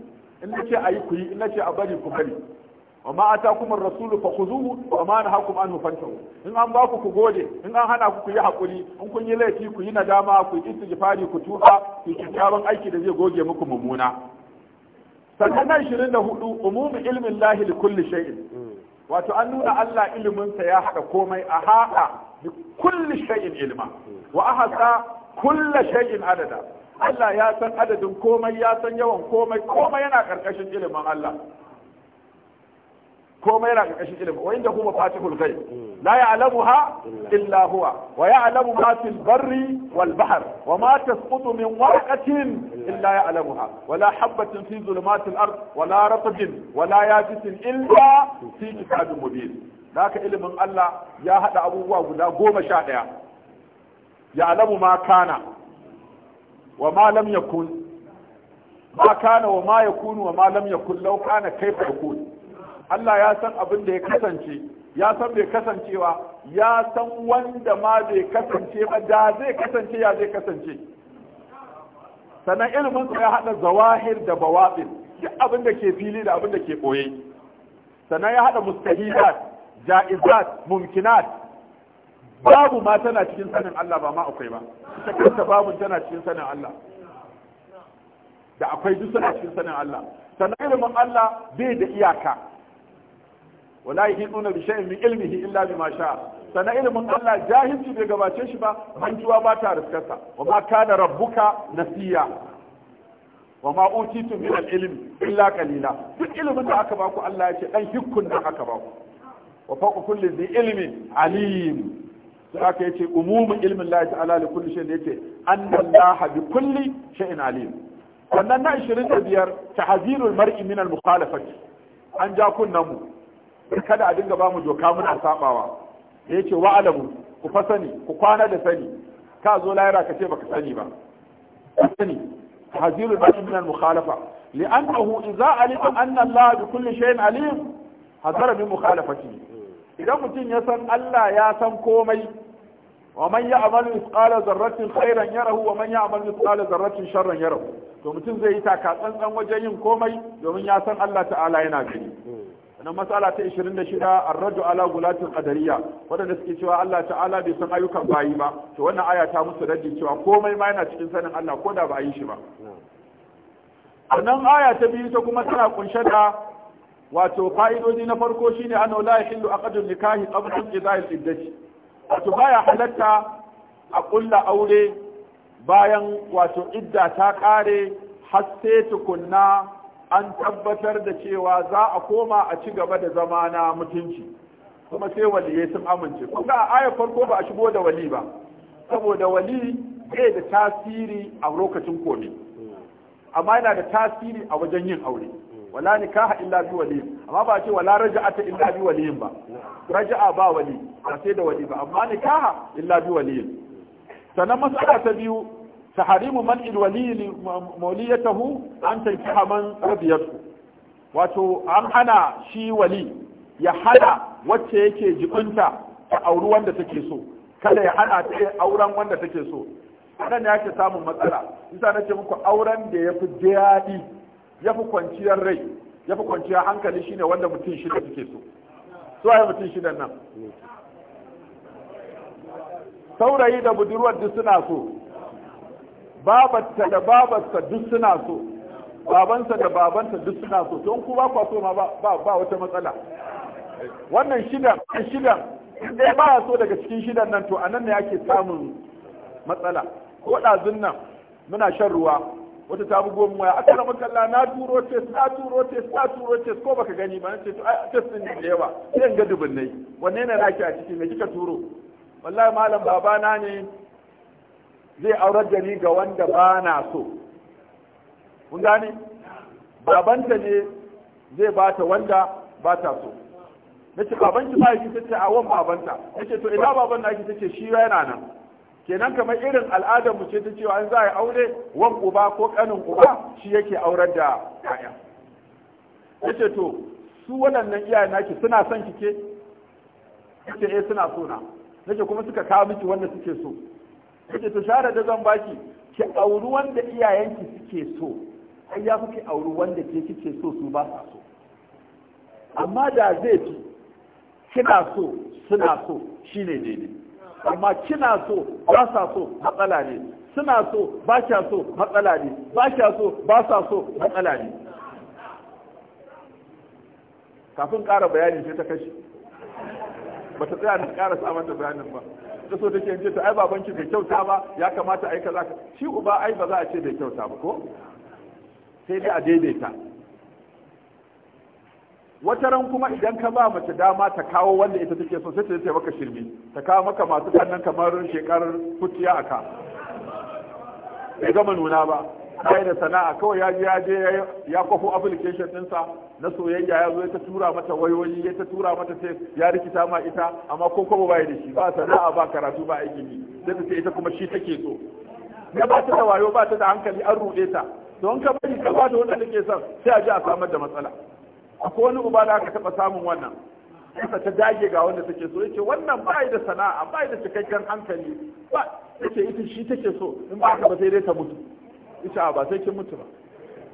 [SPEAKER 1] in nace ayi ku yi in nace a bari ku bari wa ma atakum ar-rasul fa khudhuhu wa ma nahakum anhu fantahu in an ba ku ku gode in an hana ku ku yi hakuri in kun yi laifi ku yi nadama ku yi istighfari ku tuba ku yi aiki da zai goge muku mummuna sannan na 24 umumu ilmin lahi li kulli shay'in wato an nuna Allah ilimin sa ya haɗa komai a haɗa. بكل شيء علما واحصى كل شيء عددا الله يا سن عدد كومي يا سن يوم كومي كومي يانا كركشن علما الله كومي يانا كركشن علما وعنده هو فاتح الغيب لا يعلمها الا هو ويعلم ما في البر والبحر وما تسقط من ورقه الا يعلمها ولا حبه في ظلمات الارض ولا رطب ولا يابس الا في كتاب مبين da haka ilimin Allah ya haɗa abubuwa guda goma sha ɗaya ya alamu ma kana wa ma lam yakun ma kana wa ma yakunu wa ma lam yakun law kana kaifa yakun Allah ya san abin da ya kasance ya san bai kasancewa ya san wanda ma bai kasance ba da zai kasance ya zai kasance sannan ilimin ya haɗa zawahir da bawaɗin duk abin da ke fili da abin da ke ɓoye sannan ya haɗa mustahilat ja'izat mumkinat babu ma tana cikin sanin Allah ba ma akwai ba ita kanta babu tana cikin sanin Allah da akwai duk suna cikin sanin Allah sannan ilimin Allah bai da iyaka wala yuhiduna bi shay'in min ilmihi illa bima sha'a sannan ilimin Allah jahilci bai gabace shi ba manjuwa ba ta riskarsa wa ma kana rabbuka nasiya wa ma utitu min al-ilmi illa qalila duk ilimin da aka baku Allah ya ce dan hikkun da aka baku wa fawqa kulli dhi ilmin alim sai aka yace umumin ilmin Allah ta'ala li kulli shay'in yace anna Allah bi kulli shay'in alim wannan na 25 tahzirul mar'i min al an ja kunnan mu kada a dinga ba mu doka muna sabawa yace wa alamu ku fa sani ku kwana da sani ka zo lahira ka ce baka sani ba sani tahzirul mar'i min al mukhalafa li'annahu idza alima anna Allah bi kulli shay'in alim hazara min mukhalafatihi idan mutum ya san Allah ya san komai wa man ya'malu mithqala zarratin khairan yarahu wa man ya'malu mithqala zarratin sharran yarahu to mutum zai yi taka tsantsan wajen yin komai domin ya san Allah ta'ala yana gani wannan matsala ta 26 arraju ala gulatin qadariyya wadanda suke cewa Allah ta'ala bai san ayyukan bayi ba to wannan aya ta musu raddi cewa komai ma yana cikin sanin Allah ko ba a yi shi ba Wannan aya ta biyu ta kuma tana kunshe da wato fa'idodi na farko shine annahu la yahillu aqdun nikahi qabla inqida'i iddati wato baya halatta a kulla aure bayan wato idda ta kare har sai tukunna an tabbatar da cewa za a koma a ci gaba da zama na mutunci kuma sai waliyai sun amince kuma a ayar farko ba a shigo da wali ba saboda wali bai da tasiri a lokacin komi amma yana da tasiri a wajen yin aure wala nikaha illa bi wali amma ba ce wala raja'ata illa bi wali ba raja'a ba wali ba sai da wali ba amma nikaha illa bi wali sannan mas'ala ta biyu tahrimu man il wali mawliyatahu an tankiha man radiyatu wato an hana shi wali ya hada wacce yake jibinta ta auri wanda take so kada ya hana ta auren wanda take so Nan ya ke samun matsala isa ce muku auren da ya fi daɗi ya fi kwanciyar rai ya fi kwanciyar hankali shine wanda mutum shida suke so su waye mutum shidan nan saurayi da budurwar duk suna so babarta da babarsa duk suna so babansa da babansa duk suna so don ku ba kwaso ma ba wata matsala wannan shidan shidan ɗaya ba ya so daga cikin shidan nan to anan ne ake samun matsala ko ɗazun nan muna shan ruwa wata ta bugo mu waya akara kalla na turo test na turo test na turo test ko baka gani ba ce to ai test din da yawa sai ga ga dubunnai wanne ne naki a ciki me kika turo wallahi malam babana ne zai aurar da ni ga wanda ba na so kun gane babanta ne zai bata wanda ba ta so nace babanki ba yake tace a wan babanta nace to ina baban naki tace shi yana nan kenan kamar irin al'adar mu ce ta cewa an za a yi aure wan uba ko kanin uba shi yake aurar da Ya yace to su waɗannan iyayen naki suna son ki ke yace eh suna so na nake kuma suka kawo miki wanda suke so yace to share da zan baki ki auri wanda iyayenki suke so ai ya kuke auri wanda ke kike so su ba sa so amma da zai fi kina so suna so shine daidai amma kina so ba sa so matsala ne suna so ba kya so matsala ne ba kya so ba sa so matsala ne kafin ƙara bayani sai ta kashe ba ta tsaya da ƙara samar da bayanin ba ta so take ce ta ai babanki bai kyauta ba ya kamata za kaza shi uba ai ba za a ce bai kyauta ba ko sai dai a daidaita wata ran kuma idan ka ba mace dama ta kawo wanda ita take so sai ta maka shirme ta kawo maka masu kannan kamar shekarar kuciya a ka bai gama nuna ba kai da sana'a kawai ya je ya je ya kwafo application sa na soyayya ya zo ya ta tura mata wayoyi ya ta tura mata sai ya rikita ma ita amma ko kwabo bai da shi ba sana'a ba karatu ba aiki ne sai ta ce ita kuma shi take so ya ba ta da wayo ba ta da hankali an ruɗe ta don ka bari ka ba da wanda nake son sai a je a samar da matsala akwai wani uba da aka taɓa samun wannan Isa ta dage ga wanda take so yace wannan ba da sana'a ba da cikakken hankali ba yace ita shi take so in ba ka ba sai dai ta mutu Isa ba sai kin mutu ba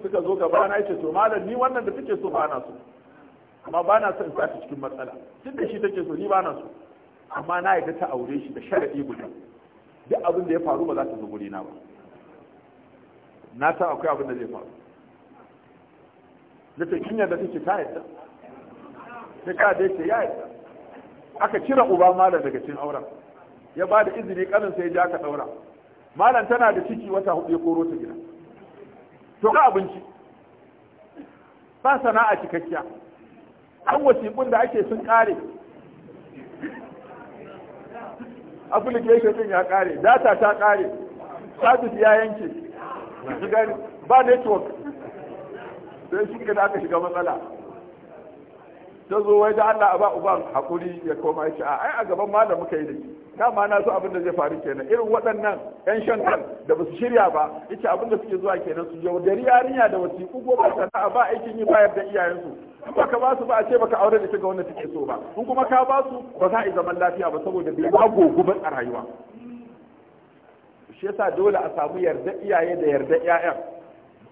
[SPEAKER 1] suka zo gaba na yace to malam ni wannan da take so ba na so amma ba na so in sa ta cikin matsala duk da shi take so ni ba na so amma na yi ta aure shi da sharadi guda duk abin da ya faru ba za ta zo gurina ba na san akwai abin da zai faru da ta kinya da take ta yadda Ta ka da yake ya yadda aka cire uba malam daga cikin auren ya ba da izini kanin sai ya ka daura malam tana da ciki wata hudu ya koro ta gida to ka abinci ba sana'a cikakkiya an wasiƙun da ake sun kare application din ya kare data ta kare sabis ya yanke ba network sai shi ka da aka shiga matsala ta zo wai da Allah ba uban hakuri ya koma shi a ai a gaban malam muka yi da shi ma na so abin da zai faru kenan irin waɗannan yan shan da ba su shirya ba yace abin da suke zuwa kenan su yau da yarinya da wasiƙu ko ba sana'a ba aikin yi bayar da iyayensu in ka ba su ba a ce baka aure da ga wanda take so ba in kuma ka ba su ba za a yi zaman lafiya ba saboda bai ba goguban a rayuwa shi yasa dole a samu yarda iyaye da yarda 'ya'yan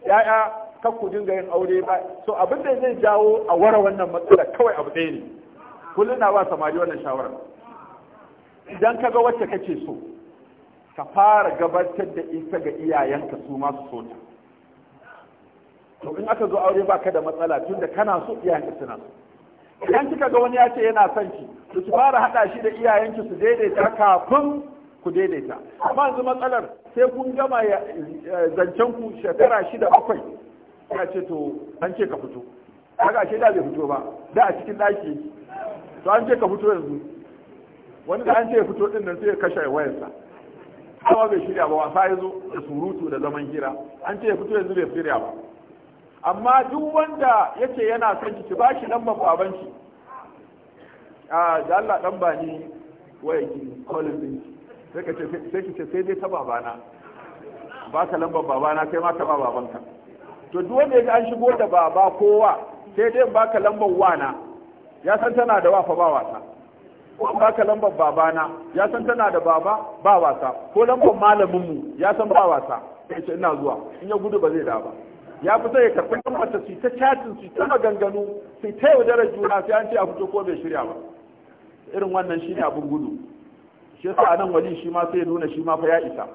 [SPEAKER 1] 'ya'ya kan ku dinga yin aure ba so abin da zai jawo a wara wannan matsala kawai abu ɗaya ne kullum na ba samari wannan shawarar idan ka ga wacce kake so ka fara gabatar da ita ga iyayenka su ma su so ta to in aka zo aure ba ka da matsala tunda kana so iyayenka suna so idan kika ga wani ya ce yana son ki to ki fara haɗa shi da iyayenki su daidaita kafin ku daidaita amma yanzu matsalar sai kun gama eh, zancen ku shekara shida bakwai ya ce to an ce ka fito haka ashe da bai fito ba da a cikin daki to an ce ka fito yanzu wani da an ce ya fito din nan sai ya kashe wayarsa kuma bai shirya ba wasa ya zo da surutu da zaman hira an ce ya fito yanzu bai shirya ba amma duk wanda yake yana son ki ba shi lambar babban shi a da Allah dan ba ni waya ki kolin din sai ka ce sai ki ce sai dai ta babana ba ka lambar babana sai ma ta babanka to duk wanda yaji an shigo da baba kowa sai dai baka lambar wana ya san tana da wafa ba wasa ko baka lambar babana ya san tana da baba ba wasa ko lambar malamin mu ya san ba wasa sai ce ina zuwa in ya gudu ba zai da ba ya fi sai ya karɓi ɗan mata su ta chatin su ta maganganu su ta yaudarar juna sai an ce a fito ko bai shirya ba irin wannan shine abin gudu shi yasa nan wali shi ma sai ya nuna shi ma fa ya isa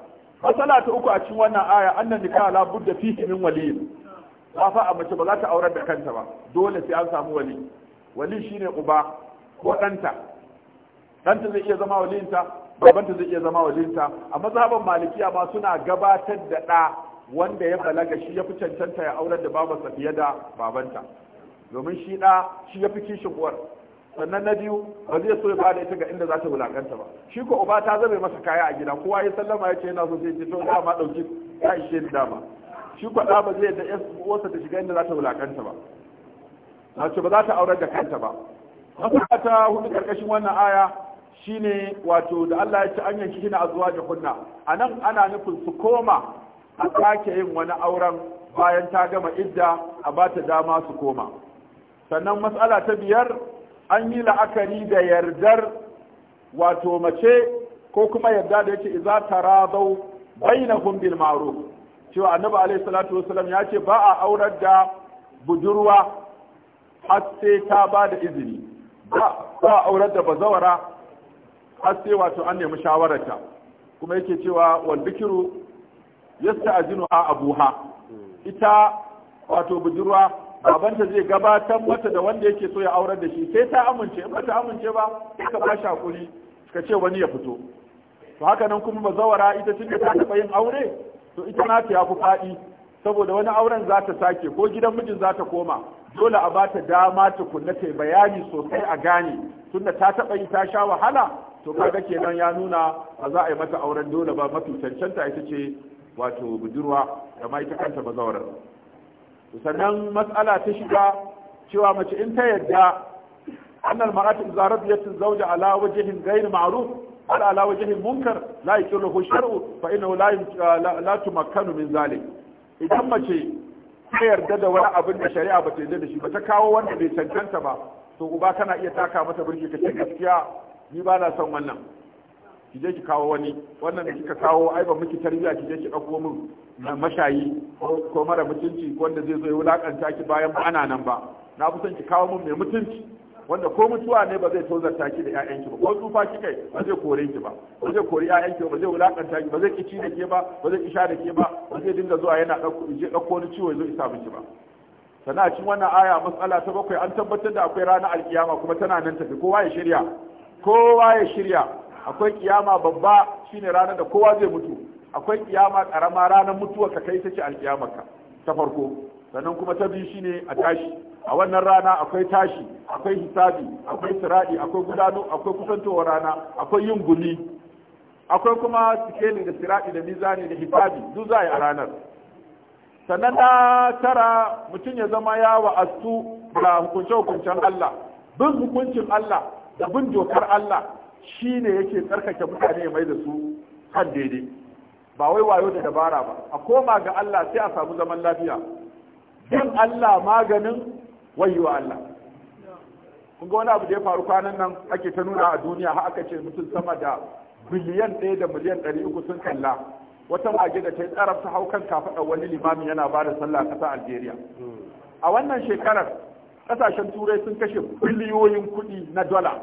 [SPEAKER 1] masala ta uku a cikin wannan aya annan nikaha budda fihi min waliyin ta fa a mace ba za ta aurar da kanta ba dole sai an samu wali wali shine uba ko ɗanta ɗanta zai iya zama walinta babanta zai iya zama walinta a mazhaban malikiya ma suna gabatar da ɗa wanda ya balaga shi ya fi cancanta ya aurar da babansa fiye da babanta domin shi ɗa shi ya fi kishin uwar sannan na biyu ba zai so ya bada ita ga inda za ta wulakanta ba shi ko uba ta zabe masa kaya a gida kowa ya sallama ya ce yana so sai ce to dama ɗauki ta ishe ni dama shi kwaɗa ba zai da uwarsa ta shiga inda za ta wulakanta ba na ce ba za ta aurar da kanta ba masu ta hudu karkashin wannan aya shine wato da Allah ya ci an yanki shi na azuwa da kunna a nan ana nufin su koma a sake yin wani auren bayan ta gama idda a ba ta dama su koma sannan matsala ta biyar an yi la'akari da yardar wato mace ko kuma yarda da yake iza tarabau bainahum bil ma'ruf cewa annabi alayhi salatu wasallam ya ce ba a aurar da budurwa har sai ta ba da izini ba a aurar da bazawara har sai wato an nemi shawararta kuma yake cewa wal bikiru a abuha ita wato budurwa babanta zai gabatar mata da wanda yake so ya aurar da shi sai ta amince in ta amince ba ka ba shi hakuri ka ce wani ya fito to haka nan kuma bazawara ita tunda ta taɓa yin aure to ita na ya yafi faɗi saboda wani auren za ta sake ko gidan mijin za ta koma dole a bata dama ta kunna ta bayani sosai a gane tunda ta taɓa yi ta sha wahala to kaga kenan ya nuna a za a yi mata auren dole ba mafi cancanta ita ce wato budurwa da ma ita kanta bazawarar sannan matsala ta shiga cewa mace in ta yadda annal mar'atu zaradiyatu zawja ala wajhin ghayr ma'ruf ala ala wajhin munkar la yakulu shar'u fa innahu la la tumakkanu min zalik idan mace ta yarda da wani abin da shari'a ba ta da shi ba ta kawo wanda bai cancanta ba to uba kana iya taka mata birki ka ce gaskiya ni ba na son wannan ki je ki kawo wani wannan da kika kawo ai ba miki tarbiya ki je ki ɗauko min na mashayi ko mara mutunci wanda zai zo ya wulakanta ki bayan ba ana nan ba na fi son ki kawo min mai mutunci wanda ko mutuwa ne ba zai tozarta ki da 'ya'yanki ba ko tsufa ki kai ba zai kore ki ba ba zai kore ƴaƴanki ba ba zai wulakanta ki ba zai kici da ke ba ba zai kisha da ke ba ba zai dinga zuwa yana je ɗauko wani ciwo zai isa miki ba sana cin wannan aya matsala ta bakwai an tabbatar da akwai ranar alkiyama kuma tana nan tafi kowa ya shirya kowa ya shirya akwai kiyama babba shine ranar da kowa zai mutu akwai kiyama karama ranar mutuwa ka kai ta ce alkiyama ta farko sannan kuma ta biyu shine a tashi a wannan rana akwai tashi akwai hisabi akwai siradi akwai gudano akwai kusantowa rana akwai yin guli akwai kuma sikeli da siradi da mizani da hisabi duk za a yi a ranar sannan na tara mutum ya zama ya astu da hukunce-hukuncen Allah bin hukuncin Allah da bin dokar Allah shi ne yake tsarkake mutane mai da su kan daidai ba wai wayo da dabara ba a koma ga Allah sai a samu zaman lafiya bin Allah maganin wayyo Allah kun ga wani abu da ya faru kwanan nan ake ta nuna a duniya har aka ce mutum sama da biliyan ɗaya da miliyan ɗari uku sun kalla wata mage da ta yi tsarar ta hau kan kafaɗar wani limami yana ba da sallah a ƙasar Algeria a wannan shekarar ƙasashen turai sun kashe biliyoyin kuɗi na dola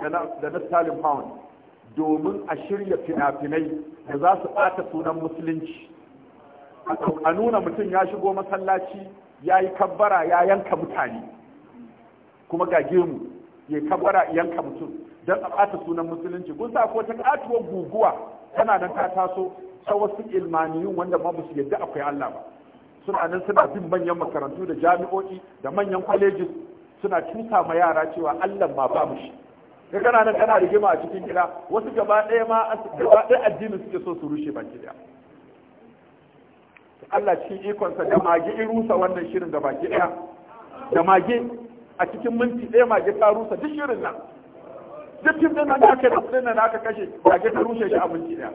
[SPEAKER 1] da na sterling pound domin a shirya fina-finai da za su ɓata sunan musulunci a nuna mutum ya shigo masallaci ya yi kabbara ya yanka mutane kuma ga gemu ya kabbara yanka mutum don a ɓata sunan musulunci kun sa ko ta katuwar guguwa tana nan ta taso ta wasu ilmaniyun wanda ma su yadda akwai Allah ba suna nan suna bin manyan makarantu da jami'o'i da manyan kwalejis suna cuta ma yara cewa Allah ma ba shi ka kana nan kana rigima a cikin gida wasu gaba ɗaya ma gaba ɗaya addinin suke so su rushe baki ɗaya Allah cikin ikonsa da mage in rusa wannan shirin da baki ɗaya da mage a cikin minti ɗaya mage ta rusa duk shirin nan duk fim da nan da aka nan aka kashe mage ta rushe shi a minti ɗaya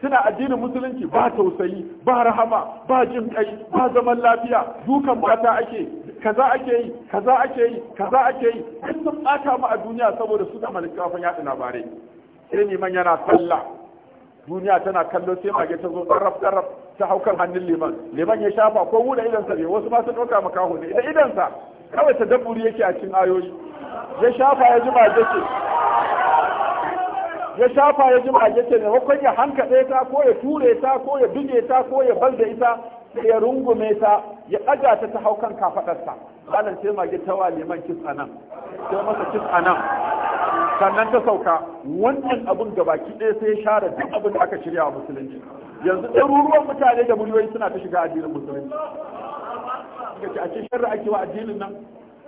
[SPEAKER 1] suna addinin musulunci ba tausayi ba rahama ba jin kai ba zaman lafiya dukan mata ake kaza ake yi kaza ake yi kaza ake yi duk sun ɓata mu a duniya saboda suna malika kafin yaɗa labarai sai neman yana sallah duniya tana kallo sai mage ta zo karraf karraf ta haukan hannun liman liman ya shafa ko wuda idan sa ne wasu ma su dauka makaho ne idan idan sa kawai ta dabburi yake a cikin ayoyi ya shafa ya ji mage ce ya shafa ya ji mage ce ne wakon ya hankaɗe ta ko ya ture ta ko ya buge ta ko ya balda ita sai ya rungume ta ya ɗaga ta ta haukan kafaɗarsa malam sai mage ta wa liman kis anan sai masa kis anan sannan ta sauka wannan abun baki ɗaya sai ya share duk abin da aka shirya wa musulunci yanzu ɗaruruwan mutane da muryoyi suna ta shiga addinin musulunci ga ce a ce ake wa addinin nan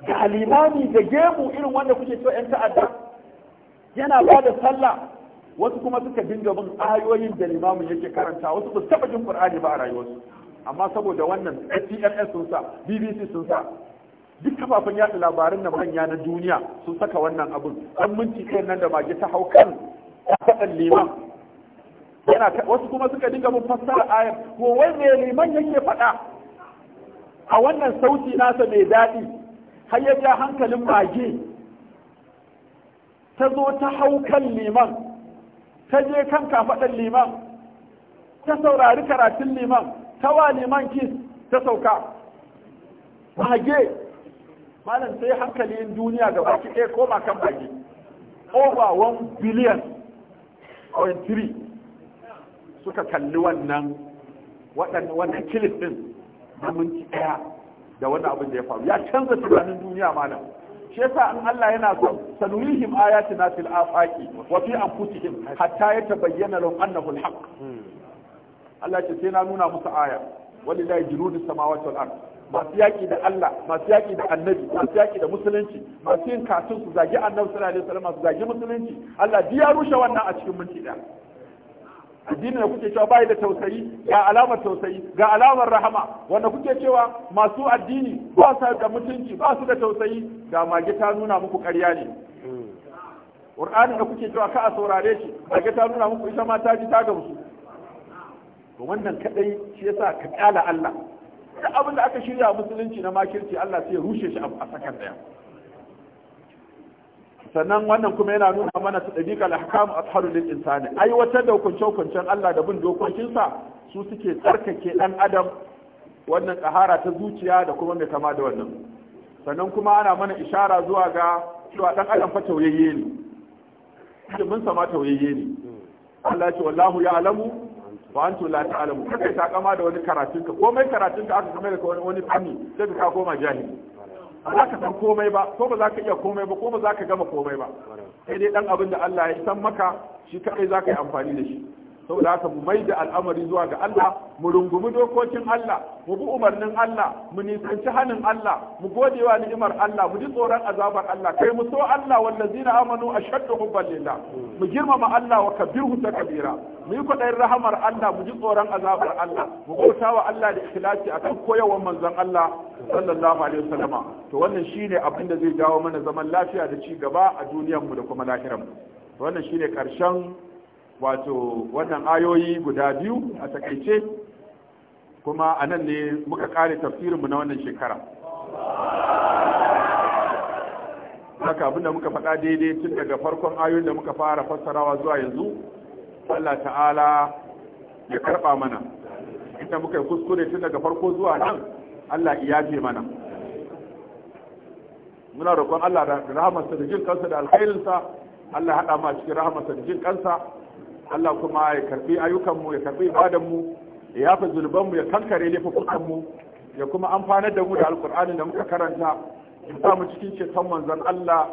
[SPEAKER 1] da alimami da gemu irin wanda kuke so yan ta'adda yana ba da sallah wasu kuma suka dinga bin ayoyin da limamin yake karanta wasu ba su taɓa jin qur'ani ba a rayuwarsu amma saboda wannan CNN sun sa BBC sun sa duk kafafen yaɗa labarin nan manya na duniya sun saka wannan abin an minti kai nan da mage ta hau kan faɗan liman yana wasu kuma suka dinga mun fassara ayar ko wai me liman yake faɗa a wannan sauti nasa mai daɗi har ya ja hankalin mage ta zo ta hau kan liman ta je kan kafaɗan liman ta saurari karatun liman ta wa liman kis ta sauka mage malam sai hankalin duniya ga baki ɗaya koma kan baki over 1 billion point three suka kalli wannan wannan kilif ɗin na minti ɗaya da wani abin da ya faru ya canza tunanin duniya malam shi yasa in Allah yana son sanurihim ayatina fil afaqi wa fi anfusihim hatta yatabayyana lahum annahu al-haqq hmm. Allah ce sai na nuna musu aya walillahi junudu samawati wal ardh masu yaƙi da Allah masu yaƙi da annabi masu yaƙi da musulunci masu yin katun su zagi annabi sallallahu alaihi wasallam su zagi musulunci Allah duk ya rushe wannan a cikin minti ɗaya addini da kuke cewa bai da tausayi ga alamar tausayi ga alamar rahama wanda kuke cewa masu addini ba su da mutunci ba su da tausayi ga mage ta nuna muku ƙarya ne Qur'anin da kuke cewa ka a saurare shi mage ta nuna muku ita ma ta ji ta gamsu to wannan kadai shi yasa ka kyala Allah duk abin da aka shirya musulunci na makirci Allah sai ya rushe shi a sakan daya sannan wannan kuma yana nuna mana su dabiqa al-ahkam atharu lil insani aiwatar da hukunce hukuncen Allah da bin dokokinsa su suke tsarkake dan adam wannan tsahara ta zuciya da kuma mai kama da wannan sannan kuma ana mana ishara zuwa ga cewa dan adam fa tauyayye ne mun sama tauyayye ne Allah ya ce wallahu ya'lamu la an kake ta kama da wani karatun ka komai karatun ka aka kama da wani fanni sai ka koma jahili amma ka san komai ba ko ba za ka iya komai ba ko ba za ka gama komai ba sai dai dan abin da Allah ya san maka shi kai za ka yi amfani da shi saboda haka mu mai da al'amari zuwa ga Allah mu rungumi dokokin Allah mu bi umarnin Allah mu nisanci hanin Allah mu gode wa ni'imar Allah mu ji tsoron azabar Allah kai mu so Allah wallazina amanu ashaddu hubban lillah mu girmama Allah wa ta Kabira, mu yi kwaɗayin rahamar Allah mu ji tsoron azabar Allah mu bauta wa Allah da ikhlasi a kan koyarwar manzon Allah sallallahu alaihi wasallama to wannan shine abin da zai jawo mana zaman lafiya da ci gaba a duniyar mu da kuma lahirar mu to wannan shine karshen wato wannan ayoyi guda biyu a takaice kuma a nan ne muka kare tafsirinmu na wannan shekara abin abinda muka faɗa daidai tun daga farkon ayoyin da muka fara fassarawa zuwa yanzu Allah ta'ala
[SPEAKER 2] ya karɓa mana
[SPEAKER 1] inda muka yi kuskure tun daga farko zuwa nan Allah iya je mana muna roƙon Allah da rahamarsa da jin kansa da alkhairinsa Allah haɗa ma cikin rahamarsa da jin kansa Allah kuma ya karbi ayyukanmu ya karbi ibadanmu ya yafa zulubanmu, ya kankare mu ya kuma amfanar da mu da alkur'ani da muka karanta in sa mu cikin ceton manzon Allah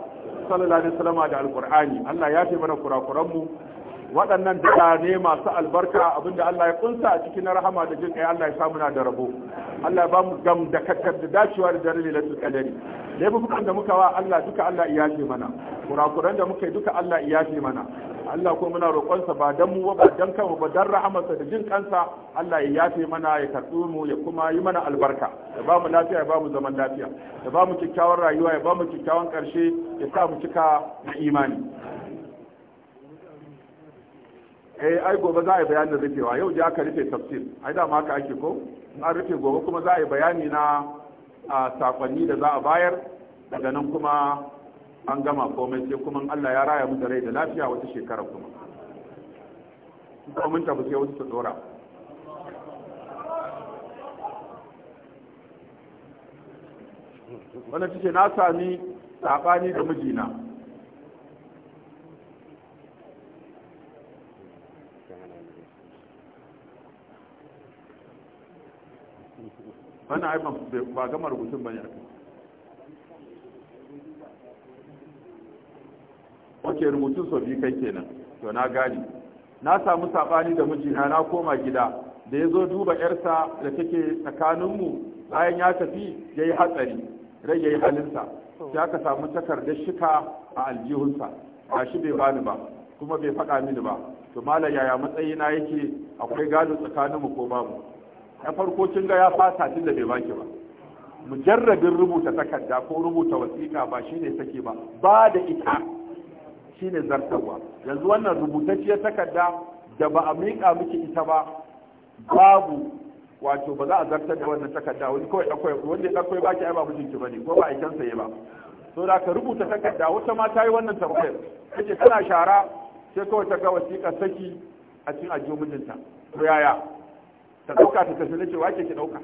[SPEAKER 1] sallallahu alaihi wasallam da alkur'ani Allah ya fi mana kurakuranmu waɗannan duka ne masu albarka abinda Allah ya kunsa a cikin rahama da jin kai Allah ya samu na da rabo Allah ya ba mu gam da kakkar da dacewa da jarin lailatul qadari laifukan da muka wa Allah duka Allah ya yafe mana kurakuran da muka yi duka Allah ya yafe mana Allah ko muna roƙonsa ba dan mu ba dan kanmu ba dan rahamarsa da jin kansa Allah ya yafe mana ya karɓi mu ya kuma yi mana albarka ya ba mu lafiya ya ba mu zaman lafiya ya ba mu kyakkyawar rayuwa ya ba mu kyakkyawan ƙarshe ya sa mu cika na imani eh ai gobe za a yi bayani da rufewa yau ji aka rufe tafsir ai da haka ake ko in an rufe gobe kuma za a yi bayani na a sakonni da za a bayar daga nan kuma an gama komai sai kuma Allah ya raya mu da rai da lafiya wata shekara kuma kuma mun tafi sai wasu su dora tace na sami sabani da mijina wani ai ba gama rubutun bane akai wace rubutun so bi kai kenan to na gani na samu sabani da mijina na koma gida da ya zo duba yarsa da take tsakaninmu bayan ya tafi ya yi hatsari rai ya yi halinsa sai aka samu takardar shika a aljihunsa ba shi bai bani ba kuma bai faɗa mini ba to malam yaya matsayina yake akwai gado tsakaninmu ko babu na farko kin ga ya fasa tun da bai baki ba mujarrabin rubuta takarda ko rubuta wasiƙa ba shine take ba ba da ita shine zartarwa yanzu wannan rubutacciyar takarda da ba a miƙa miki ita ba babu wato ba za a zartar da wannan takarda wani kawai akwai wanda ya akwai baki ai ba mijinki bane ko ba aikin sa ba so da ka rubuta takarda wata ma ta yi wannan tambayar kace tana shara sai kawai ta ga wasiƙa saki a cikin ajiyo mijinta to yaya ta dauka ta tafi nace wace ki dauka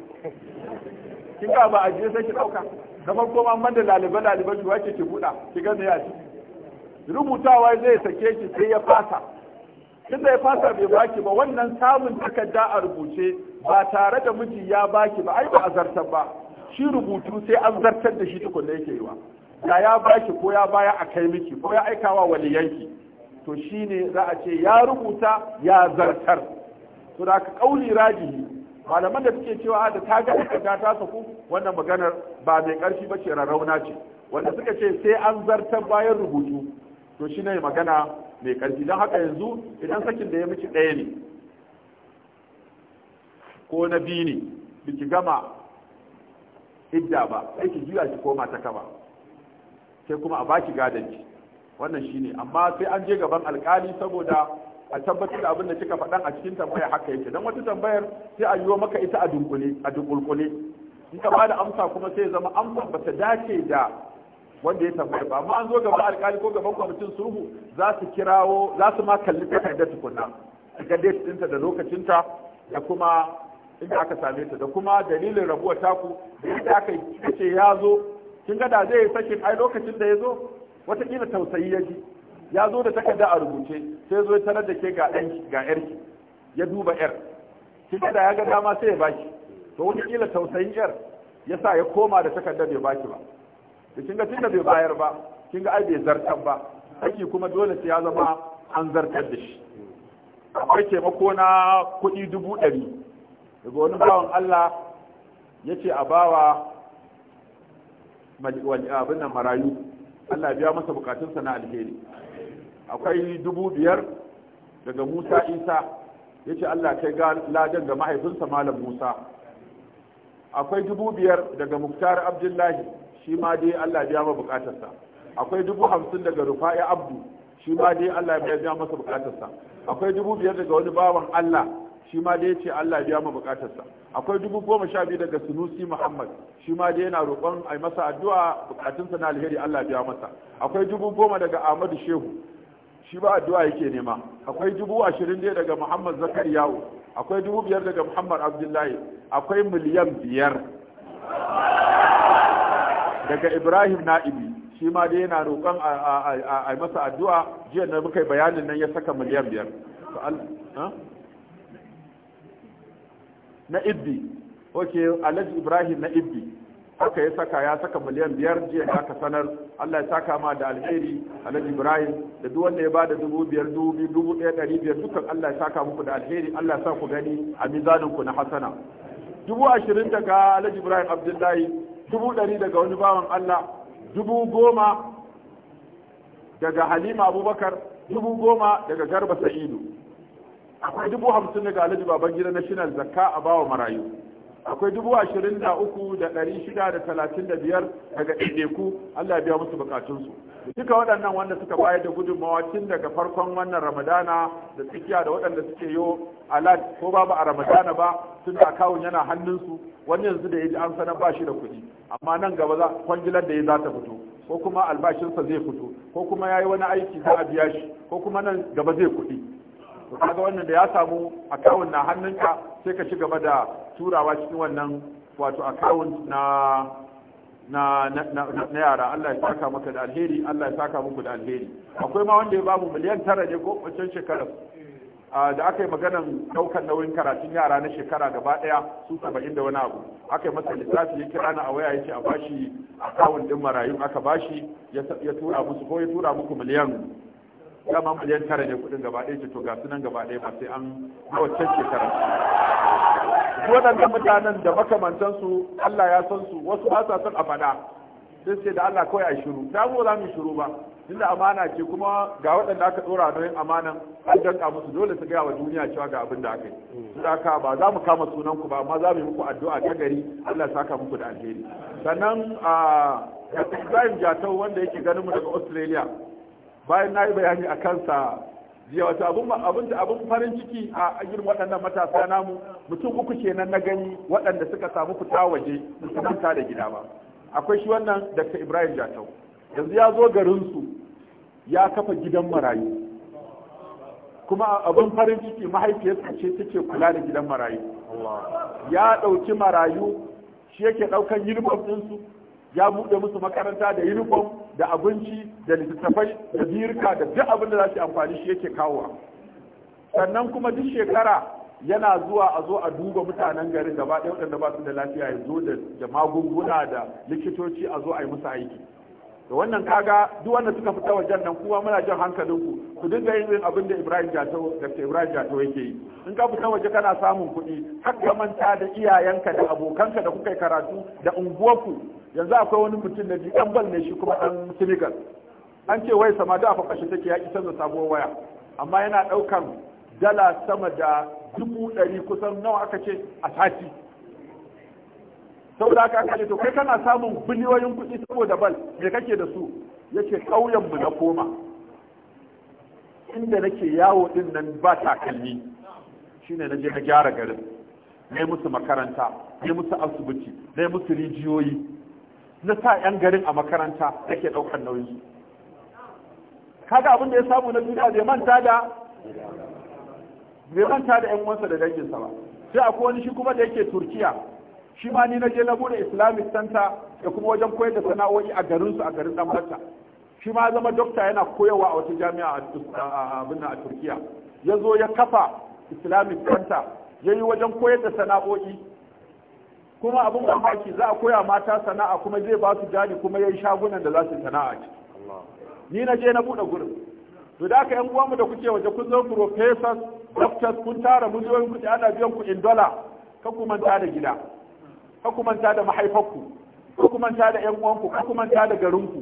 [SPEAKER 1] kin ga ba ajiye sai ki dauka na farko ma manda laliba laliba ki wace ki buda ki ga a rubutawa zai sake ki sai ya fasa da ya fasa bai baki ba wannan samun takarda a rubuce ba tare da miji ya baki ba ai ba a ba shi rubutu sai an zartar da shi tukunna yake yi wa. ya ya baki ko ya baya a kai miki ko ya aikawa waliyanki to shine za a ce ya rubuta ya zartar to da ka kauli raji malaman da suke cewa da ta ga ta ta saku wannan maganar ba mai karfi ba ce rarrauna ce wanda suka ce sai an zartar bayan rubutu to shi ne magana mai karfi don haka yanzu idan sakin da ya miki ɗaya ne ko na biyu ne biki gama idda ba sai ki juya ki koma ta kaba sai kuma a baki gadanci wannan shine amma sai an je gaban alkali saboda a tabbatar da abin da kika faɗan a cikin tambaya haka yake dan wata tambayar sai a yiwo maka ita a dunkule a dunkulkule in ka bada amsa kuma sai zama amsa ba ta dace da wanda ya tambaya ba amma an zo gaban alƙali ko gaban kwamitin sulhu za su kirawo za su ma kalli takardar tukunna ga date ɗinta da lokacinta da kuma inda aka same ta da kuma dalilin rabuwar taku da yadda aka ce ya zo kin ga da zai sakin ai lokacin da ya zo wata watakila tausayi ya ji ya zo da takarda a rubuce sai zo ya tarar da ke ga ɗan ga yarki ya duba yar kin da ya ga dama sai ya baki to wani kila tausayin yar ya sa ya koma da takarda bai baki ba da kin ga tunda bai bayar ba kin ga ai bai zartar ba haki kuma dole sai ya zama an zartar da shi akwai taimako na kuɗi dubu ɗari daga wani bawan Allah ya ce a bawa abin nan marayu Allah biya masa bukatunsa na alheri akwai dubu biyar daga musa isa ya ce allah kai ga ladan ga mahaifinsa malam musa akwai dubu biyar daga muktar abdullahi shi ma dai allah biya ma bukatarsa akwai dubu hamsin daga rufa'i abdu shi ma dai allah biya masa bukatarsa akwai dubu biyar daga wani bawan allah shi ma dai ce allah biya ma bukatarsa akwai dubu goma sha biyu daga sunusi muhammad shi ma dai yana roƙon a masa addu'a bukatunsa na alheri allah biya masa akwai dubu goma daga ahmadu shehu shi ba addu'a yake nema akwai dubu ashirin dai daga muhammad zakariyawo akwai dubu biyar daga muhammad abdullahi akwai miliyan biyar daga ibrahim na'ibi shi ma dai yana roƙon a masa addu'a jiya na muka bayanin nan ya saka miliyan biyar na ibbi ok alhaji ibrahim na ibbi aka yi saka ya saka miliyan biyar jiya da aka sanar Allah ya saka ma da alheri alhaji ibrahim da duk wanda ya ba da dubu biyar dubu biyu dubu ɗaya ɗari biyar dukkan Allah ya saka muku da alheri Allah ya sa ku gani a mizanin ku na hasana dubu ashirin daga alhaji ibrahim abdullahi dubu ɗari daga wani bawan Allah dubu goma daga halima abubakar dubu goma daga garba sa'idu akwai dubu hamsin daga alhaji babangida gida national zakka a bawa marayu akwai dubu ashirin da uku da ɗari shida da talatin da biyar daga ɗaiɗaiku Allah biya musu bukatunsu duka waɗannan wanda suka bayar da gudunmawa tun daga farkon wannan ramadana da tsakiya da waɗanda suke yo alad ko babu a ramadana ba tun da kawun yana hannunsu wani yanzu da ya ji an sanar ba shi da kuɗi amma nan gaba za kwangilar da ya za ta fito ko kuma albashinsa zai fito ko kuma ya yi wani aiki za a biya shi ko kuma nan gaba zai kuɗi to kaga wannan da ya samu akawun na hannunka sai ka ci gaba da turawa cikin wannan wato akawun na na na yara Allah ya saka maka da alheri Allah ya saka muku da alheri akwai ma wanda ya babu miliyan tara ne ko wancan shekarar da aka yi maganan daukar nauyin karatun yara na shekara gaba daya su saba'in da wani abu aka yi masa lissafi ya kira na a waya yace a bashi akawun din marayun aka bashi ya tura musu ko ya tura muku miliyan dama miliyan tara ne kudin gaba ɗaya ce to ga sunan gaba ɗaya ba sai an waccan shekara waɗannan mutanen da makamantansu Allah ya san su wasu ba sa son a faɗa sai sai da Allah kawai a shiru ta mu za mu shiru ba tunda amana ce kuma ga waɗanda aka ɗora nauyin amanan an danka musu dole su gaya wa duniya cewa ga abin da aka yi su haka ba za mu kama sunan ku ba amma za mu yi muku addu'a ta gari Allah saka muku da alheri sannan a ah, Ibrahim Jatau wanda yake ganin mu daga Australia bayan na yi bayani a kansa jiya wata abun abin da abun farin ciki a ajin waɗannan matasa namu mutum uku kenan na gani waɗanda suka samu fita waje su fita da gida ba akwai shi wannan dr ibrahim jatau yanzu ya zo su ya kafa gidan marayu kuma abin farin ciki mahaifiyarsa ce take kula da gidan marayu ya ɗauki marayu shi yake ɗaukan uniform ɗinsu ya buɗe musu makaranta da uniform da abinci da littattafai da birka da duk abin da za su amfani shi yake kawowa sannan kuma duk shekara yana zuwa a zo a duba mutanen garin ba ɗaya da ba su da lafiya ya zo da magunguna da likitoci a zo a yi musu aiki da wannan kaga duk wanda suka fita wajen nan kuma muna jan hankalin ku dinga yin irin abin da Ibrahim Jato Dr. Ibrahim Jato yake yi in ka fita waje kana samun kuɗi har manta da iyayenka da abokanka da kuka yi karatu da unguwarku yanzu akwai wani mutum da ɗan bal ne shi kuma ɗan senegal an ce wai sama da fashe take ya isar da sabuwar waya amma yana ɗaukan dala sama da dubu ɗari kusan nawa aka ce a sati saboda aka ce to kai kana samun biliyoyin kuɗi saboda bal me kake da su yace kauyen mu na koma inda nake yawo din nan ba takalmi shine naje na gyara garin na musu makaranta na musu asibiti na musu rijiyoyi na sa 'yan garin a makaranta ke ɗaukar nauyi kaga abin da ya samu na duniya bai manta da bai manta da 'yan uwansa da danginsa ba sai akwai wani shi kuma da yake turkiya shi ma ni na je na bude islamic center da kuma wajen koyar da sana'o'i a garinsu a garin ɗan shi ma zama dokta yana koyarwa a wata jami'a a turkiya ya zo ya kafa islamic center ya yi wajen koyar da sana'o'i kuma abin mamaki za a koya mata sana'a kuma zai ba su jari kuma yayin shagunan da za su sana'a ci ni na je na bude gurin to da aka yan uwanmu da kuke waje kun zo professors doctors kun tara miliyoyin kuɗi ana biyan ku in dola ka ku manta da gida ka ku manta da mahaifarku ka ku manta da yan uwanku ka ku manta da garinku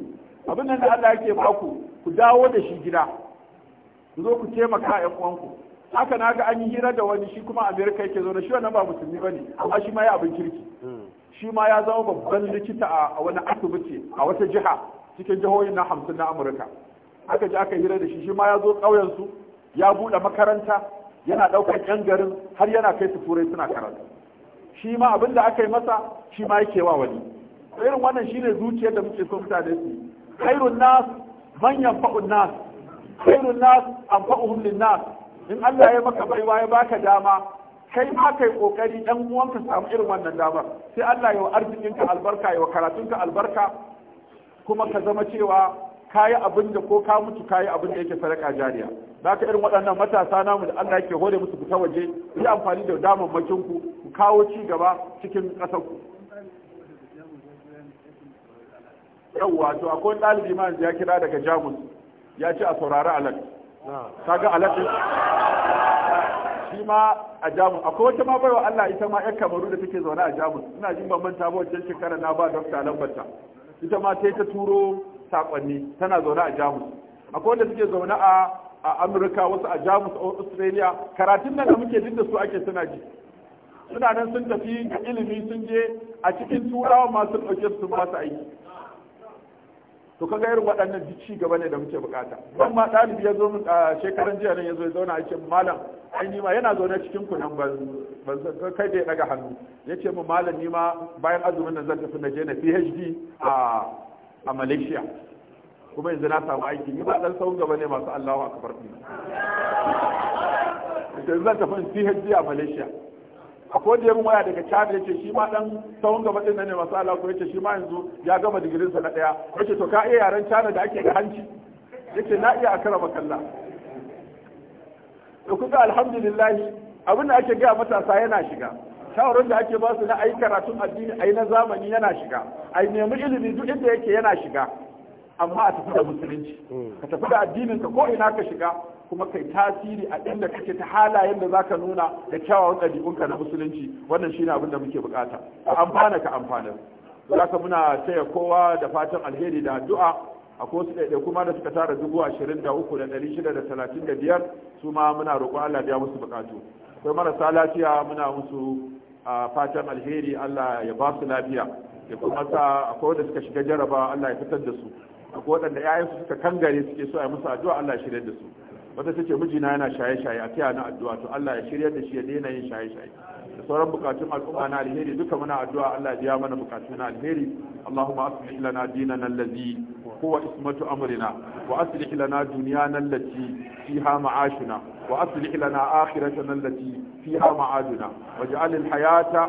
[SPEAKER 1] abin nan da Allah yake ba ku ku dawo da shi gida ku zo ku taimaka yan uwanku haka na ga an yi hira da wani shi kuma amerika yake zo shi wannan ba musulmi ba ne amma shi ma ya abin kirki shi ma ya zama babban likita a wani asibiti a wata jiha cikin jihohin na hamsin na amurka aka ji aka hira da shi shi ma ya zo ƙauyensu ya buɗe makaranta yana ɗaukar yan garin har yana kai su turai suna karatu shi ma abin da aka yi masa shi ma yake wa wani irin wannan shi ne zuciyar da muke so mutane su khairun nas manyan fa'un nas khairun nas anfa'uhum lin nas in Allah ya maka baiwa ya baka dama kai ma kai kokari dan ka samu irin wannan dama. sai Allah ya wa ka albarka ya wa ka albarka kuma ka zama cewa kayi abin da ko ka mutu kayi abin da yake sadaka jariya zaka irin waɗannan matasa namu da Allah yake hore musu fita waje yi amfani da damammakin ku ku kawo ci gaba cikin ƙasar ku yawa to akwai ɗalibi ma ya kira daga Jamus ya ci a saurari alal kaga alaɗin shi ma a jamus akwai wata ma baiwa Allah ita ma yan kamaru da take zaune a jamus ina jin ban manta ba wancan shekara na ba dokta lambata ita ma ta ta turo sakonni tana zaune a jamus akwai wanda suke zaune a a amurka wasu a jamus a australia karatun nan da muke duk da su ake suna ji suna nan sun tafi ilimi sun je a cikin turawa masu ɗauke sun ba aiki to kaga irin waɗannan duk ci gaba ne da muke bukata ban ma ɗalibi ya zo a shekaran jiya nan ya zo ya zauna a malam ai ni ma yana zaune cikin ku nan ban kai da ya daga hannu ya ce min malam ni ma bayan azumin nan zan tafi na je na PhD a a Malaysia kuma yanzu na samu aiki ni ba dan sauran gaba ne masu Allahu akbar din zan tafi PhD a Malaysia akwai da ya waya daga ya ce shi ma dan tsawon gaba din ne masu alaƙo ko yace shi ma yanzu ya gama digirin sa na daya yace to ka iya yaren Chad da ake da hanci yace na iya akara makalla to kuka alhamdulillah abin da ake ga matasa yana shiga shawarar da ake ba su na ai karatun addini ayi na zamani yana shiga ayi nemi ilimi duk inda yake yana shiga amma a tafi da musulunci ka tafi da addinin ka ko ina ka shiga kuma kai tasiri a inda kake ta halayen da zaka nuna da kyawawan ɗabi'unka na musulunci wannan shine abin da muke bukata ka amfana ka amfana zaka muna taya kowa da fatan alheri da addu'a a ko su ɗaiɗai kuma da suka tara dubu ashirin da uku da ɗari shida da talatin da biyar su ma muna roƙon Allah biya musu buƙatu akwai marasa lafiya muna musu fatan alheri Allah ya ba su lafiya ya kuma sa akwai wanda suka shiga jaraba Allah ya fitar da su akwai waɗanda su suka kangare suke so a musu addu'a Allah ya shirya da su wata ta ce mijina yana shaye-shaye a taya na addu'a to Allah ya shirya da shi ya daina yin shaye-shaye da sauran bukatun al'umma na alheri duka muna addu'a Allah ya biya mana bukatun na alheri Allahumma aslih lana dinana allazi huwa ismatu amrina wa aslih lana dunyana allati fiha ma'ashuna wa aslih lana akhiratana allati fiha ma'aduna waj'al al-hayata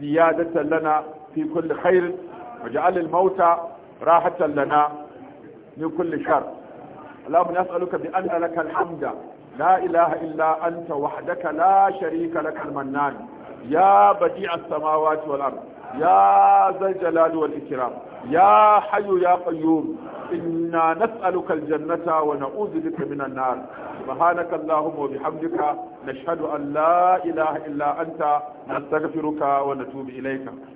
[SPEAKER 1] ziyadatan lana fi kulli khair waj'al al-mauta rahatan lana min kulli shar اللهم نسألك بأن لك الحمد لا إله إلا أنت وحدك لا شريك لك المنان يا بديع السماوات والأرض يا ذا الجلال والإكرام يا حي يا قيوم إنا نسألك الجنة ونعوذ بك من النار سبحانك اللهم وبحمدك نشهد أن لا إله إلا أنت نستغفرك ونتوب إليك